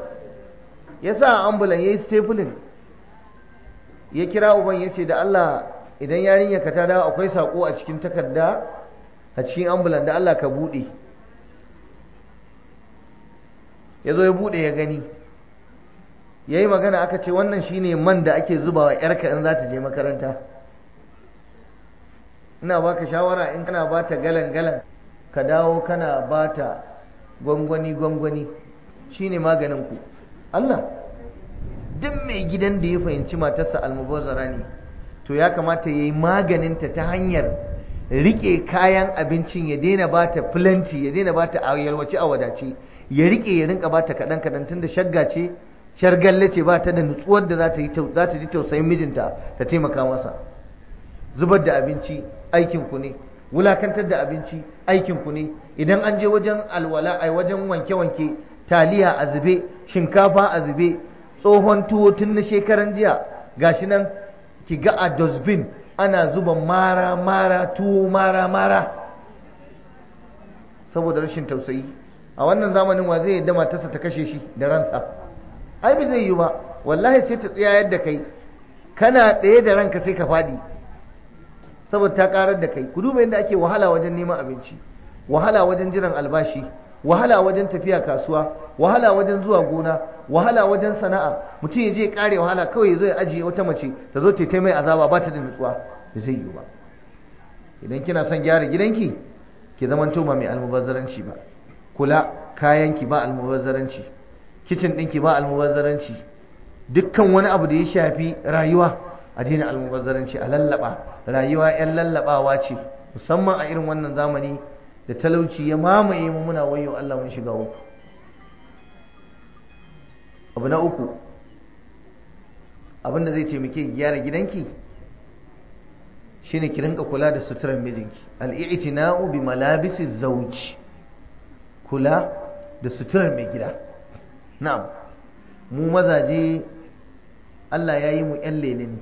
ya sa ambulan ya yi stapling ya kira uban ya ce da Allah idan yarinya ka ta dawo akwai sako a cikin takarda a cikin ambulan da Allah ka buɗe ya zo ya buɗe ya gani ya yi magana aka ce wannan shi ne man da ake zubawa yarka in za ta je makaranta ina baka shawara in kana ba ta galan galan ka dawo kana ba ta gwangwani gwangwani shine maganin ku Allah duk mai gidan da ya fahimci matarsa almubazzara ne to ya kamata ya yi maganinta ta hanyar rike kayan abincin ya daina ba ta filanti ya daina ba ta yalwace a wadace ya rike ya rinka ba ta kaɗan kaɗan tun da shagga ce shargalle ce ba ta da nutsuwar da za ta ji tausayin mijinta ta taimaka masa zubar da abinci aikin ku ne wulakantar da abinci aikin ku ne idan an je wajen alwala ai wajen wanke-wanke taliya a zube shinkafa a zube tsohon tuwo tun na shekaran jiya gashi nan ki ga a dosbin ana zuba mara mara tuwo mara mara saboda rashin tausayi a wannan zamanin wa zai yadda matarsa ta kashe shi da ransa ai ba zai yi ba wallahi sai ta tsaya da kai kana ɗaya da ranka sai ka faɗi saboda ta ƙarar da kai ku duba yadda ake wahala wajen neman abinci wahala wajen jiran albashi wahala wajen tafiya kasuwa wahala wajen zuwa gona wahala wajen sana'a mutum ya je kare wahala kawai ya zo ya ajiye wata mace ta zo ta mai azaba ba ta da nutsuwa da zai yi ba idan kina son gyara gidanki ki zaman toma mai almubazzaranci ba kula kayanki ba almubazzaranci kicin ɗinki ba almubazzaranci dukkan wani abu da ya shafi rayuwa a daina almubazzaranci a lallaba rayuwa 'yan lallabawa ce musamman a irin wannan zamani da talauci ya mamaye mu muna wayo Allah mun shiga uku abu na uku abin da zai taimake gyara gidanki shine ki rinka kula da suturar mijinki al-i'tina'u bi malabisi zawj kula da suturar mai gida na'am mu mazaje Allah ya yi mu ƴan lele ne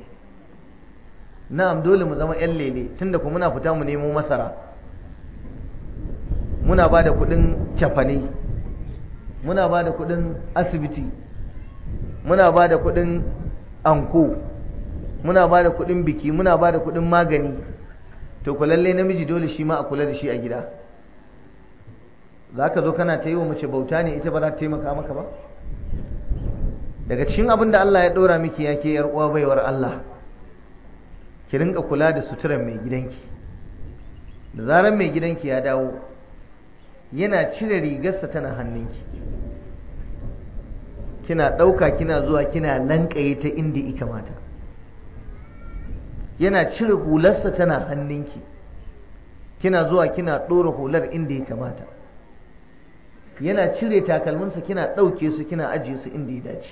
na'am dole mu zama ƴan lele tunda kuma muna fita mu nemo masara muna ba da kudin cefane muna ba da kudin asibiti muna ba da kudin anko muna ba da kudin biki muna ba da kudin magani to ku lalle namiji dole shi ma a kula da shi a gida za ka zo kana ta yi wa mace bauta ne ita ba za ta taimaka maka ba daga cikin abin da Allah ya ɗora miki ya ke uwa baiwar Allah ki rinka kula da suturar mai gidanki da zarar mai gidanki ya dawo yana cire rigarsa tana hannunki kina ɗauka kina zuwa kina lankaye ta inda ita mata yana cire hularsa tana hannunki kina zuwa kina ɗora hular inda ya kamata yana cire takalminsa kina ɗauke su kina ajiye su inda ya dace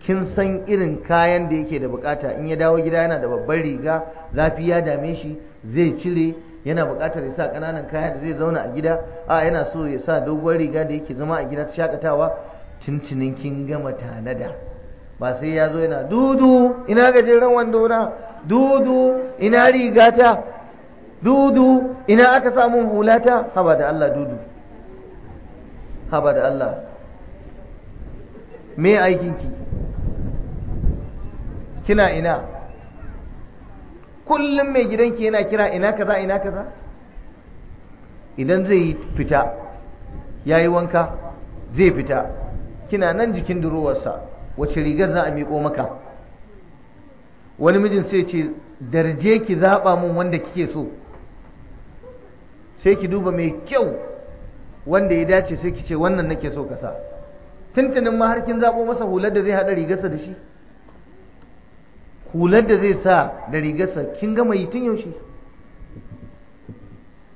kin san irin kayan da yake da bukata in ya dawo gida yana da babbar riga zafi ya dame shi zai cire yana buƙatar ya sa ƙananan kaya da zai zauna a gida a yana so ya sa doguwar riga da yake zama a gida ta shakatawa tuntunin kin gama tanada ba sai ya zo yana dudu ina gajeren wando na dudu ina rigata dudu ina aka samun hulata haba da Allah dudu haba da Allah me aikinki kina ina kullum mai gidanki yana kira ina kaza ina kaza idan zai fita ya yi wanka zai fita kina nan jikin durowarsa wace rigar za a miƙo maka wani mijin sai ce darje ki zaɓa mun wanda kike so sai ki duba mai kyau wanda ya dace sai ki ce wannan nake so ka sa tuntunin ma har kin zaɓo masa hular da zai haɗa rigarsa da shi hular da zai sa da rigarsa kin gama yi tun yaushe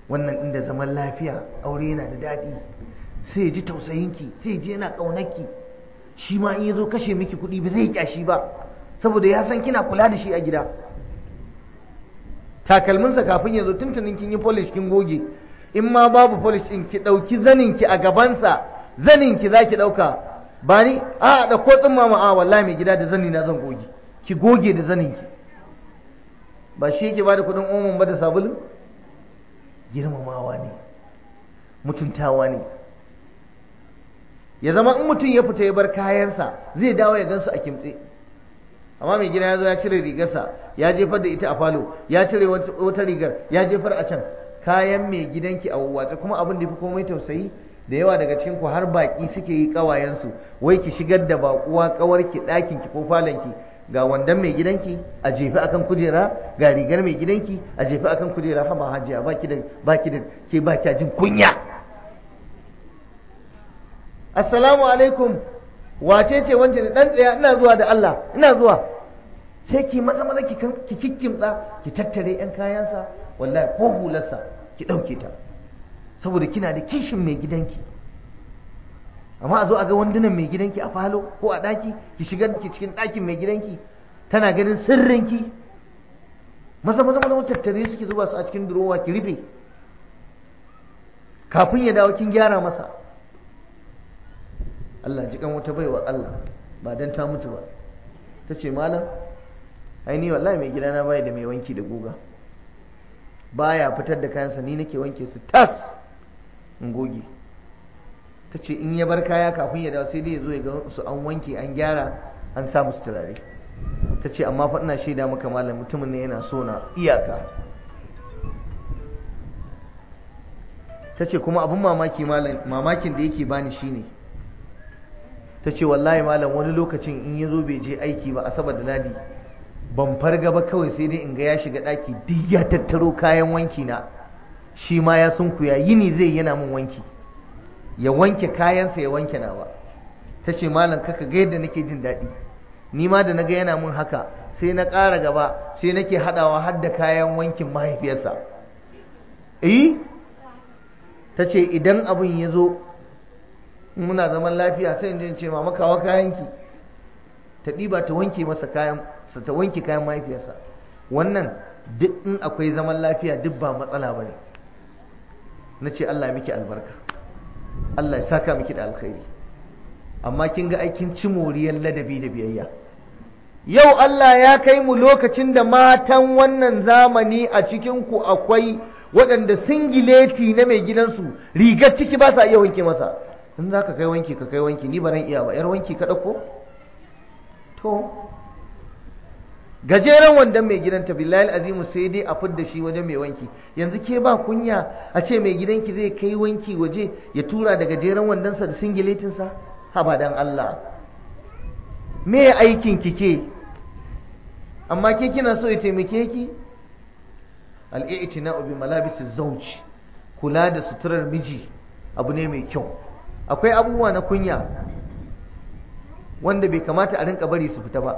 wannan inda zaman lafiya aure yana da daɗi sai ji tausayinki sai ji yana ƙaunarki shi ma in ya zo kashe miki kuɗi ba zai kyashi ba saboda ya san kina kula da shi a gida takalminsa kafin ya zo tuntunin kin yi polish kin goge in ma babu polish ɗin ki ɗauki zaninki a gabansa zaninki za ki ɗauka ba ni a da tsumma ma a mai gida da zani na zan goge ki goge da zaninki ba shi yake ba da kudin omon ba da sabulun girmamawa ne mutuntawa ne ya zama in mutum ya fita ya bar kayansa zai dawo ya gansu a kimtse amma mai gina ya zo ya cire rigarsa ya jefar da ita a falo ya cire wata rigar ya jefar a can kayan mai gidanki a wawwatsa kuma abin da fi komai tausayi da yawa daga cikin ku har baki suke yi kawayensu wai ki shigar da bakuwa kawarki ɗakinki, ko falonki ki ga wandan mai gidanki a jefi akan kujera ga rigar mai gidanki a jefi akan kujera haba hajiya baki da baki da ke baki jin kunya assalamu alaikum wace ce wance ne dan tsaya ina zuwa da Allah ina zuwa sai ki maza maza ki ki ki tattare yan kayansa wallahi ko hularsa ki dauke ta saboda kina da kishin mai gidanki amma a zo a ga wandunan mai gidanki a falo ko a daki ki shiga ki cikin dakin mai gidanki tana ganin sirrinki maza maza maza tattare su zuba su a cikin durowa ki rufe kafin ya dawo kin gyara masa Allah ji kan wata baiwa Allah ba dan ta mutu ba ta ce malam ai ni wallahi mai gidana bai da mai wanki da guga baya fitar da kayansa ni nake wanke su tas in goge ta ce in ya bar kaya kafin ya dawo sai dai ya zo ya ga su an wanke an gyara an sa musu turare ta ce amma fa ina shaida maka malam mutumin ne yana so na iyaka ta ce kuma abin mamaki malam, mamakin da yake bani shine ta ce wallahi malam wani lokacin in ya zo bai je aiki ba asabar da ladi ban farga ba kawai sai dai in ga ya shiga ɗaki duk ya tattaro kayan wanki na shi ma ya sunkuya yini zai yana min wanki ya wanke kayansa ya wanke nawa ta ce malam kaka ga yadda nake jin daɗi ni ma da naga yana mun haka sai na ƙara gaba sai nake haɗawa har da kayan wankin mahaifiyarsa eh ta ce idan abin ya zo muna zaman lafiya sai in ce mama kawo kayanki ta ɗiba ta wanke masa kayan sa ta wanke kayan mahaifiyarsa wannan duk in akwai zaman lafiya duk ba matsala ba ne na ce Allah miki albarka Allah ya saka miki da alkhairi amma kin ga aikin ci moriyar ladabi da biyayya yau Allah ya kai mu lokacin da matan wannan zamani a cikin ku akwai waɗanda singileti na mai gidansu rigar ciki ba sa iya wanke masa in za ka kai wanki ka kai wanki ni ba ran iya ba yar wanki ka ɗauko to gajeren wandon mai gidan gidanta billahi azimu sai dai a fidda shi waje mai wanki yanzu ke ba kunya a ce mai gidanki zai kai wanki waje ya tura da gajeren wandansa da singiletinsa haba dan Allah me aikin ki ke? amma ke kina so ya taimake ki al-i'tina'u bi malabisiz zawj kula da suturar miji abu ne mai kyau akwai abubuwa na kunya wanda bai kamata a rinka bari su fita ba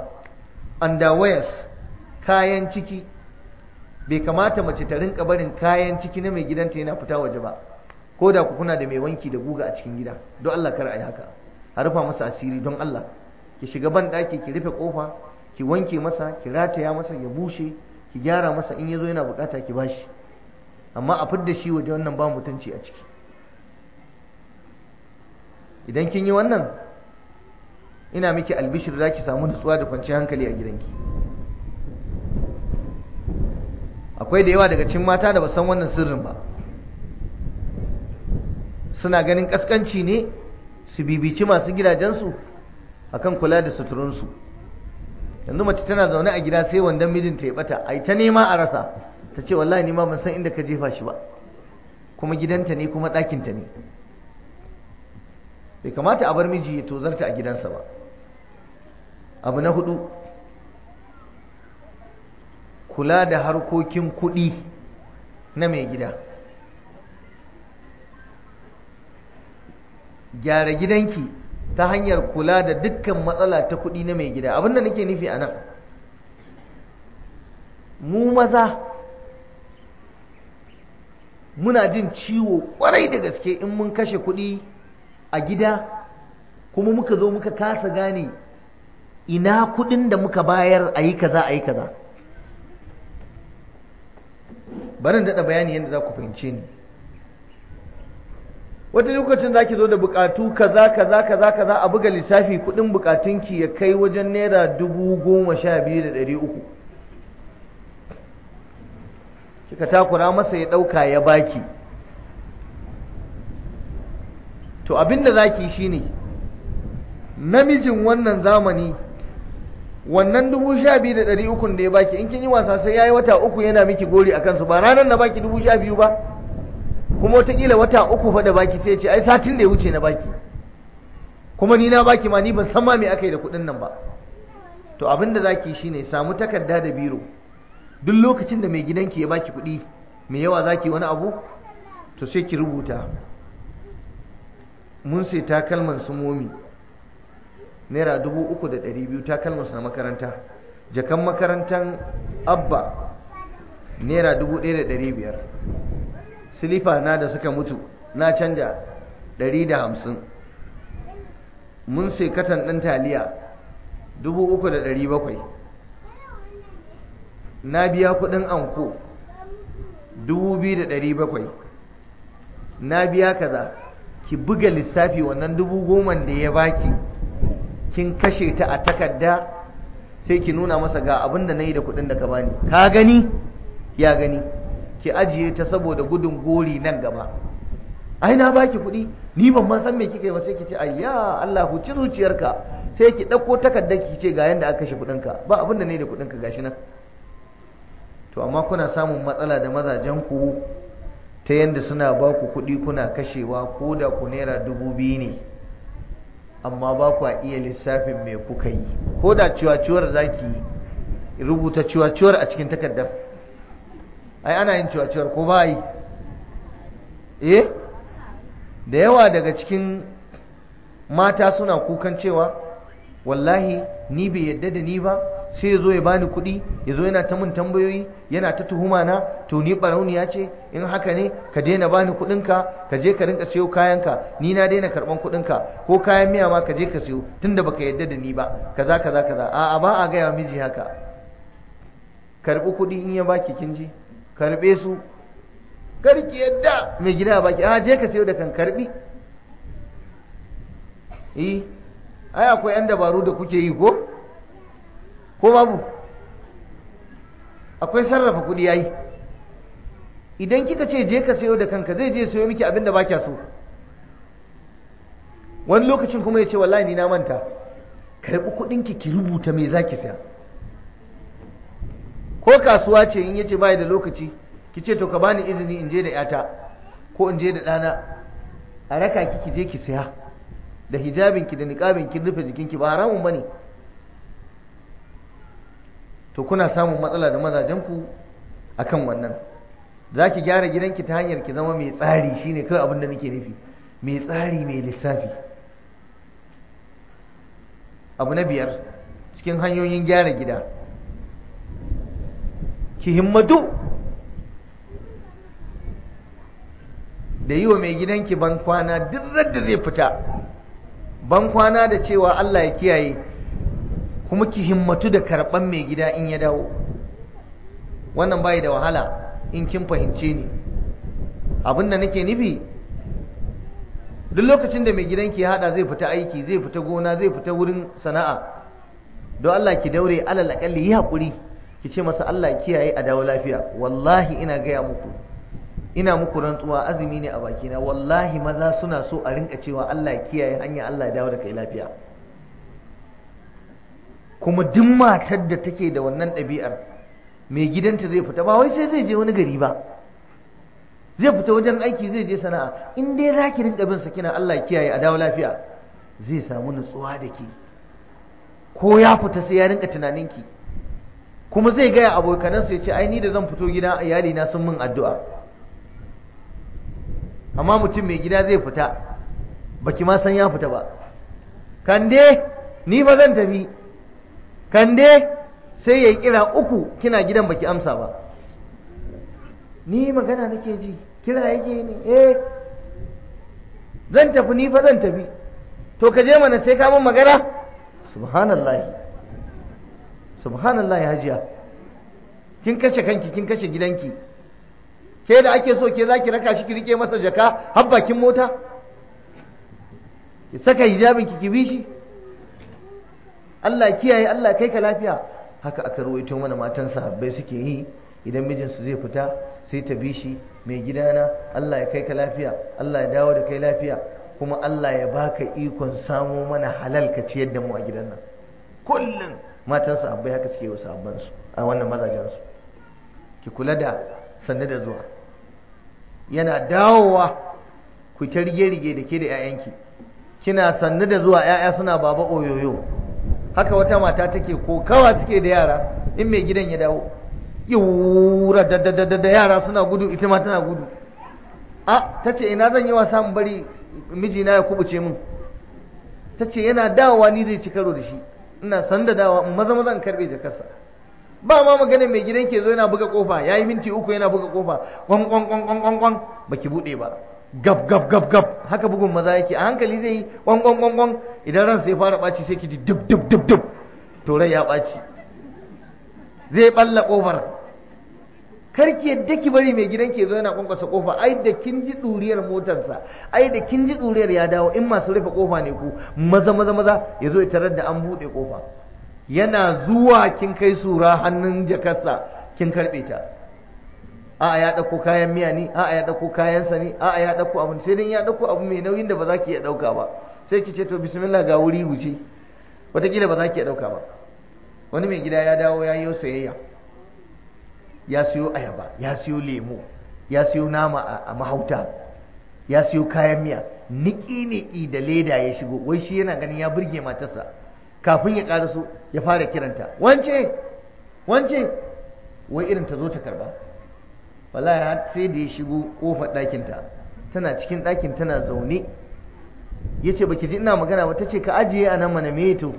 underwears kayan ciki bai kamata mace ta rinka barin kayan ciki na mai gidanta yana fita waje ba ko da kuna da mai wanki da guga a cikin gida don Allah kar a yi haka a rufa masa asiri don Allah ki shiga ban ɗaki ki rufe kofa ki wanke masa ki rataya masa ya bushe ki gyara masa in ya zo yana bukata ki bashi amma a fidda shi waje wannan ba mutunci a ciki idan kin yi wannan ina miki albishir za ki samu nutsuwa da kwanciyar hankali a gidanki akwai da yawa daga cikin mata da ba san wannan sirrin ba suna ganin kaskanci ne su bibici masu gidajensu akan kula da suturunsu yanzu mace tana zaune a gida sai wandon mijinta ya bata ai ta nema a rasa ta ce wallahi nima ma ban san inda ka jefa shi ba kuma gidanta ne kuma ɗakinta ne bai kamata a bar miji ya tozarta a gidansa ba abu na hudu kula da harkokin kuɗi na mai gida gyara gidanki ta hanyar kula da dukkan matsala ta kuɗi na mai gida abinda nake nufi a nan mu maza muna jin ciwo kwarai da gaske in mun kashe kuɗi a gida kuma muka zo muka kasa gane ina kudin da muka bayar a yi kaza a yi kaza barin daɗa bayani yadda za ku fahimce ni wata lokacin za ki zo da bukatu kaza kaza kaza kaza a buga lissafi kudin bukatunki ya kai wajen naira dubu goma sha biyu da ɗari uku kika takura masa ya ɗauka ya baki to abinda da za ki yi shine namijin wannan zamani wannan dubu sha biyu da ɗari ukun da ya baki in kin yi wasa sai ya yi wata uku yana miki gori a kansu ba ranar na baki dubu sha biyu ba kuma watakila wata uku fa da baki sai ce ai satin da ya wuce na baki kuma ni na baki ma ni ban san ma me aka yi da kuɗin nan ba to abin da zaki shine samu takarda da biro duk lokacin da mai gidanki ya baki kuɗi mai yawa za zaki wani abu to sai ki rubuta mun sai takalman su momi naira dubu uku da ɗari biyu takalmansu na makaranta jakan makarantar abba naira dubu ɗaya da ɗari biyar silifa na da suka mutu na canja ɗari da hamsin mun sai katan ɗin taliya dubu uku da ɗari bakwai na biya kuɗin anko dubu biyu da ɗari bakwai na biya kaza ki buga lissafi wannan dubu goma da ya baki kin kashe ta a takarda sai ki nuna masa ga abin da na yi da kuɗin da ka bani ka gani ya gani ki ajiye ta saboda gudun gori nan gaba ai na baki kuɗi ni ban ma san me kika yi ba sai ki ce ayya Allah huci zuciyarka sai ki ɗauko takardar ki ce ga yanda aka kashe kuɗinka ba abin da ne da kuɗinka gashi nan to amma kuna samun matsala da mazajen ku ta yanda suna baku kuɗi kuna kashewa ko da ku naira dubu biyu ne amma ba kwa iya lissafin me kuka yi ko da ciwaciwar za ki rubuta ciwaciwar a cikin takardar ai ana yin ciwaciwar ko ba yi eh da yawa daga cikin mata suna kukan cewa wallahi ni bai yadda da ni ba sai ya zo ya bani kuɗi ya zo yana ta mun tambayoyi yana ta tuhuma na to ni barauniya ce in haka ne ka daina bani kuɗinka ka je ka rinka siyo kayanka ni na daina karɓan kuɗinka ko kayan miya ma ka je ka siyo tunda baka yadda da ni ba kaza kaza kaza a'a ba a gaya miji haka karɓi kuɗi in ya baki kin ji karɓe su karki yadda mai gida ya baki a je ka siyo da kan karɓi eh ai akwai yan dabaru da kuke yi ko ko babu akwai sarrafa kuɗi yayi idan kika ce je ka sayo da kanka zai je sayo miki abin da ba kya so wani lokacin kuma ya ce wallahi ni na manta karɓi kuɗinki ki rubuta me za ki saya ko kasuwa ce in yace bai da lokaci ki ce to ka bani izini in je da yata ko in je da ɗana a raka ki ki je ki saya da hijabinki da niƙabinki rufe jikinki ba haramun bane ne to kuna samun matsala da mazajenku a kan wannan za ki gyara gidanki ta hanyar ki zama mai tsari ne, kawai abin da nake nufi mai tsari mai lissafi abu na biyar cikin hanyoyin gyara gida ki himmatu da yi wa mai gidanki bankwana duk da zai fita Bankwana da cewa Allah ya kiyaye kuma ki himmatu da karɓan mai gida in ya dawo wannan bai da wahala in kin fahimce ni abin nake nufi duk lokacin da mai gidanki ya hada zai fita aiki zai fita gona zai fita wurin sana'a don Allah ki daure alal akalli yi haƙuri ki ce masa Allah kiyaye a dawo lafiya wallahi ina gaya muku ina muku rantsuwa azumi ne a baki na. wallahi maza suna so a rinka cewa Allah kiyaye hanya Allah ya dawo da kai lafiya kuma duk matar da take da wannan ɗabi'ar mai gidanta zai fita ba wai sai zai je wani gari ba zai fita wajen aiki zai je sana'a in dai za ki rinka bin sakina Allah kiyaye a dawo lafiya zai samu nutsuwa da ke ko ya fita sai ya rinka tunanin ki kuma zai gaya abokanansa ya ce ai ni da zan fito gida iyali na sun min addu'a amma mutum mai gida zai fita baki ma san ya fita ba kande ni ba zan tafi kande sai ya kira uku kina gidan baki amsa ba ni magana nake ji kira yake ne eh zan tafi ni fa zan tafi to ka je mana sai ka min magana subhanallahi subhanallahi hajiya kin kashe kanki kin kashe gidanki ke da ake so ke za ki raka shi ki rike masa jaka har bakin mota ki saka hijabin ki ki bi shi Allah kiyaye Allah kai ka lafiya haka aka ruwaito mana matan sahabbai suke yi idan mijinsu zai fita sai ta bi shi mai gidana Allah ya kai ka lafiya Allah ya dawo da kai lafiya kuma Allah ya baka ikon samo mana halal ka ciyar da mu a gidan nan kullum matan sahabbai haka suke wasu abban su a wannan mazajen su ki kula da sanne da zuwa yana dawowa ku ta rige rige da ke da 'ya'yanki kina sanne da zuwa 'ya'ya suna baba oyoyo haka wata mata take kokawa suke da yara in mai gidan ya dawo yura da yara suna gudu ita ma tana gudu a ta ce ina zan yi wasa in bari mijina ya kubuce min ta ce yana dawowa ni zai ci karo da shi ina san da dawa maza maza in karbe jakarsa ba ma magana mai gidan ke zo yana buga kofa yayi minti uku yana buga kofa kwan kwan kwan kwan kwan kwan baki bude ba gab gab gab gab haka bugun maza yake a hankali zai yi kwan kwan kwan kwan idan ran sai fara ɓaci sai ki ji dub dub dub dub to rai ya baci zai balla kofar ki yadda ki bari mai gidan ki zo yana kwankwasa kofa ai da kin ji ɗuriyar motarsa ai da kin ji ɗuriyar ya dawo in masu rufe kofa ne ku maza maza maza ya zo ya tarar da an buɗe kofa yana zuwa kin kai sura hannun jakarsa kin karɓe ta a ya ɗauko kayan miya ne a ya ɗauko kayansa ne a ya ɗauko abin sai dai ya ɗauko abu mai nauyin da ba za ki iya ɗauka ba sai ki ce to bismillah ga wuri wuce wataƙila ba za ki ɗauka ba wani mai gida ya dawo ya yi sayayya ya siyo ayaba ya siyo lemo ya siyo nama a mahauta ya siyo kayan miya Niki-niki da leda ya shigo wai shi yana ganin ya burge matarsa kafin ya so ya fara kiranta wance wance wai irin ta zo ta karba wallahi sai da ya shigo ƙofar ɗakinta tana cikin ɗakin tana zaune Ya yace baki ji ina magana ba ta ce ka ajiye a nan mana me to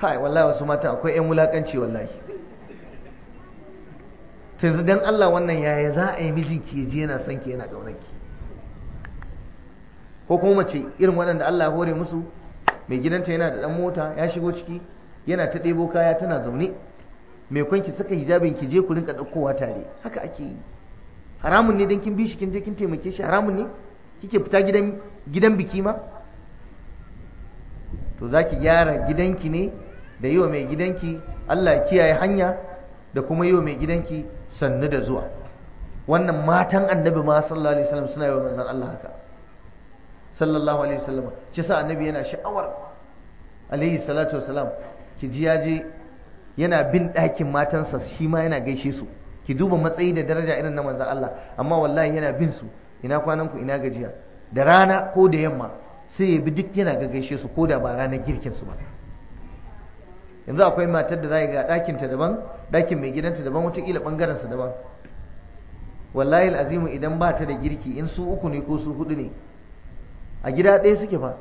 kai wallahi wasu mata akwai yan wulakanci wallahi to yanzu dan Allah wannan yaya za a yi mijinki ya ji yana son ki yana ki. ko kuma mace irin waɗanda Allah ya hore musu mai gidanta yana da ɗan mota ya shigo ciki yana ta ɗebo kaya tana zaune mai kwanki saka hijabin ki je ku rinka ɗaukowa tare haka ake yi haramun ne don kin bi shi kin je kin taimake shi haramun ne kike fita gidan gidan biki ma to za ki gyara gidanki ne da yiwa mai gidanki Allah kiyaye hanya da kuma yiwa mai gidanki sannu da zuwa wannan matan annabi ma sallallahu alaihi wasallam suna yi wa manzon Allah haka sallallahu alaihi wasallam shi sa annabi yana sha'awar alaihi salatu wasalam ki ji ya je yana bin ɗakin matansa shi ma yana gaishe su ki duba matsayi da daraja irin na manzan Allah amma wallahi yana bin su ina kwananku ina gajiya da rana ko da yamma sai ya bi duk yana ga gaishe su ko da ba ranar girkin su ba yanzu akwai matar da za ga ɗakin ta daban ɗakin mai gidanta daban wata ɓangaren sa daban wallahi azimu idan ba ta da girki in su uku ne ko su hudu ne a gida ɗaya suke fa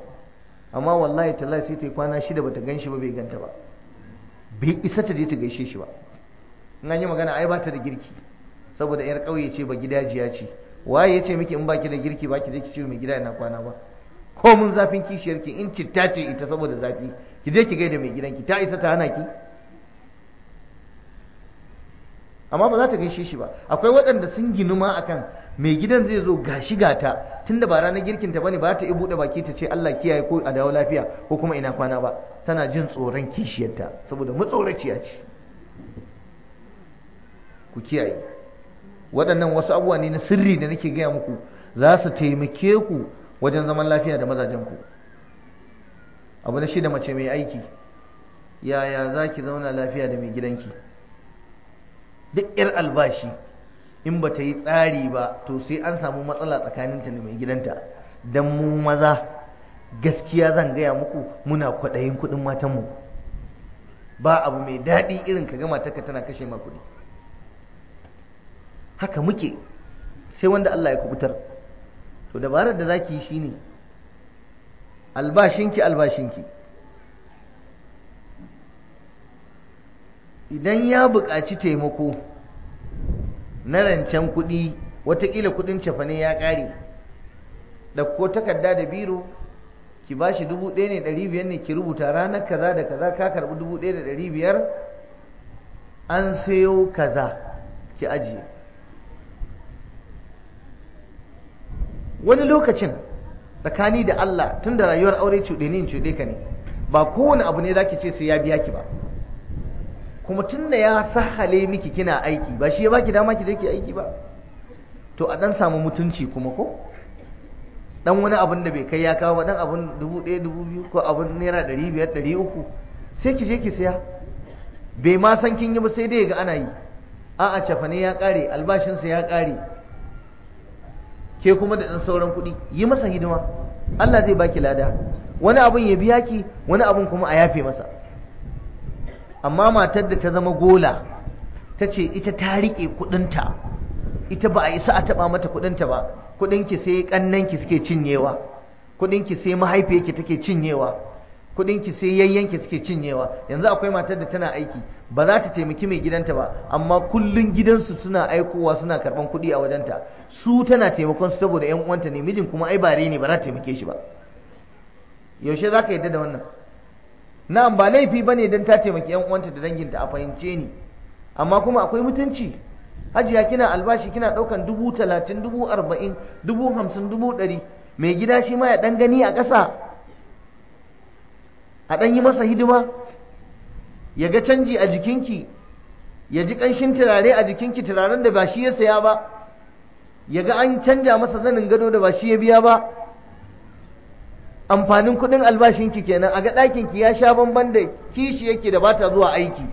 amma wallahi tallahi sai ta yi kwana shida bata gan shi ba bai ganta ba bai isa ta je ta gaishe shi ba in yi magana ai ba da girki saboda yar kauye ce ba gidajiya ce waye ya ce miki in baki da girki baki je ki ce mai gida ina kwana ba ko mun zafin kishiyar ki in citta ce ita saboda zafi ki je ki gaida mai gidanki ta isa ta hana ki amma ba za ta gaishe shi ba akwai waɗanda sun ginu ma akan mai gidan zai zo gashi gata tunda ba ranar girkin ta bane ba ta buɗe baki ta ce Allah kiyaye ko a dawo lafiya ko kuma ina kwana ba tana jin tsoron kishiyar ta saboda matsoraciya ce ku kiyaye waɗannan wasu abubuwa ne na sirri da nake gaya muku za su taimake ku wajen zaman lafiya da mazajen ku. abu na shida mace mai aiki yaya za ki zauna lafiya da mai gidanki duk 'yar albashi in ba ta yi tsari ba to sai an samu matsala tsakaninta da mai gidanta don mu maza gaskiya zan gaya muku muna kwaɗayin kuɗin matanmu ba abu mai daɗi irin ka gama taka tana kashe ma kuɗi haka muke sai wanda Allah ya kubutar to dabarar da zaki yi shine albashinki albashinki idan ya buƙaci taimako na rancen kuɗi watakila kuɗin cefane ya ƙare ɗauko takarda da biro ki ba shi dubu ɗaya ne ɗari biyar ne ki rubuta ranar kaza da kaza ka karɓi dubu ɗaya da ɗari biyar an sayo kaza ki ajiye wani lokacin tsakani da Allah tun da rayuwar aure cuɗe ne cuɗe ka ne ba kowane abu ne ki ce sai ya biya ki ba kuma tun da ya sahale miki kina aiki ba shi ya baki dama ki je aiki ba to a dan samu mutunci kuma ko dan wani abun da bai kai ya kawo dan abun dubu ɗaya dubu biyu ko abun naira ɗari biyar ɗari uku sai ki je ki siya bai ma san kin yi ba sai dai ga ana yi a'a cafane ya ƙare albashinsa ya ƙare ke kuma da ɗan sauran kuɗi yi masa hidima Allah zai baki lada wani abun ya biya ki wani abun kuma a yafe masa amma matar da ta zama gola ta ce ita ta riƙe kuɗinta ita ba a isa a taɓa mata kuɗinta ba kuɗinki sai ƙannanki suke cinyewa kuɗinki sai mahaifiyarki take cinyewa kudin ki sai yayyanki suke cinyewa yanzu akwai matar da tana aiki ba za ta taimaki mai gidanta ba amma kullun gidansu suna aikowa suna karban kudi a wajenta su tana taimakon su saboda yan uwanta ne mijin kuma ai bare ne ba za ta taimake shi ba yaushe za ka yadda da wannan na'am ba laifi bane dan ta taimaki yan uwanta da danginta a fahimce ni amma kuma akwai mutunci hajiya kina albashi kina daukan dubu talatin dubu arba'in dubu hamsin dubu ɗari mai gida shi ma ya dan gani a ƙasa a ɗan yi masa hidima ya ga canji a jikinki ya ji ƙanshin turare a jikinki turaren da ba shi ya saya ba ya ga an canja masa zanin gado da ba shi ya biya ba amfanin kuɗin albashinki kenan a ga ɗakinki ya sha bamban da kishi yake da bata zuwa aiki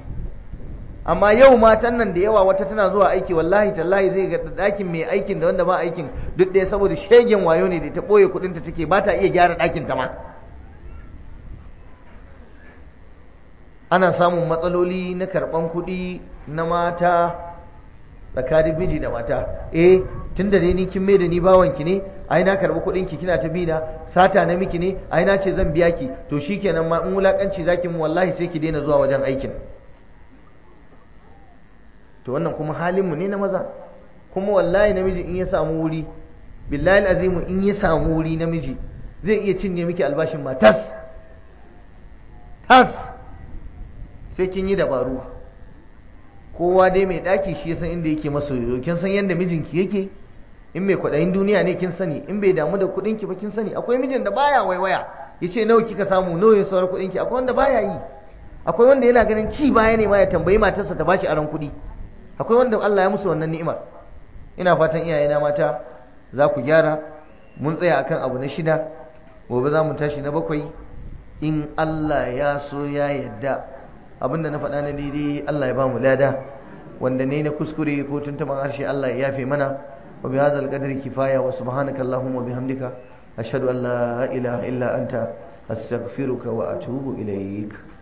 amma yau matan nan da yawa wata tana zuwa aiki wallahi tallahi zai ga ɗakin mai aikin da wanda ba aikin duk ɗaya saboda shegen wayo ne da ta ɓoye kuɗinta take ba ta iya gyara ɗakinta ta ma ana samun matsaloli na karban kuɗi na mata tsakanin miji da mata E, eh, tun da ni kin mai da ni bawanki ne ai na karɓi kuɗin ki kina ta bi na sata na miki ne ai na ce zan biya ki to shikenan ma in wulakanci zaki mu wallahi sai ki daina zuwa wajen aikin to wannan kuma halin mu ne na maza kuma wallahi namiji in ya samu wuri billahi azimu in ya samu wuri namiji zai iya cinye miki albashin ma tas tas sai kin yi dabaru kowa dai mai ɗaki shi san inda yake masa yoyo kin san yadda mijinki yake in mai kwaɗayin duniya ne kin sani in bai damu da kuɗin ki ba kin sani akwai mijin da baya waiwaya yace nawa kika samu nawa yin sauran kuɗin ki akwai wanda baya yi akwai wanda yana ganin ci baya ne ma ya tambayi matarsa ta bashi aron kuɗi akwai wanda Allah ya musu wannan ni'imar ina fatan iyayena mata za ku gyara mun tsaya akan abu na shida gobe za mu tashi na bakwai in Allah ya so ya yadda abinda na faɗa na daidai Allah ya ba mu lada wanda ne na kuskure ko tuntuban harshe Allah ya yafe mana wa bi hadzal qadri kifaya wa subhanaka allahumma wa bihamdika ashhadu an la ilaha illa anta astaghfiruka wa atubu ilaik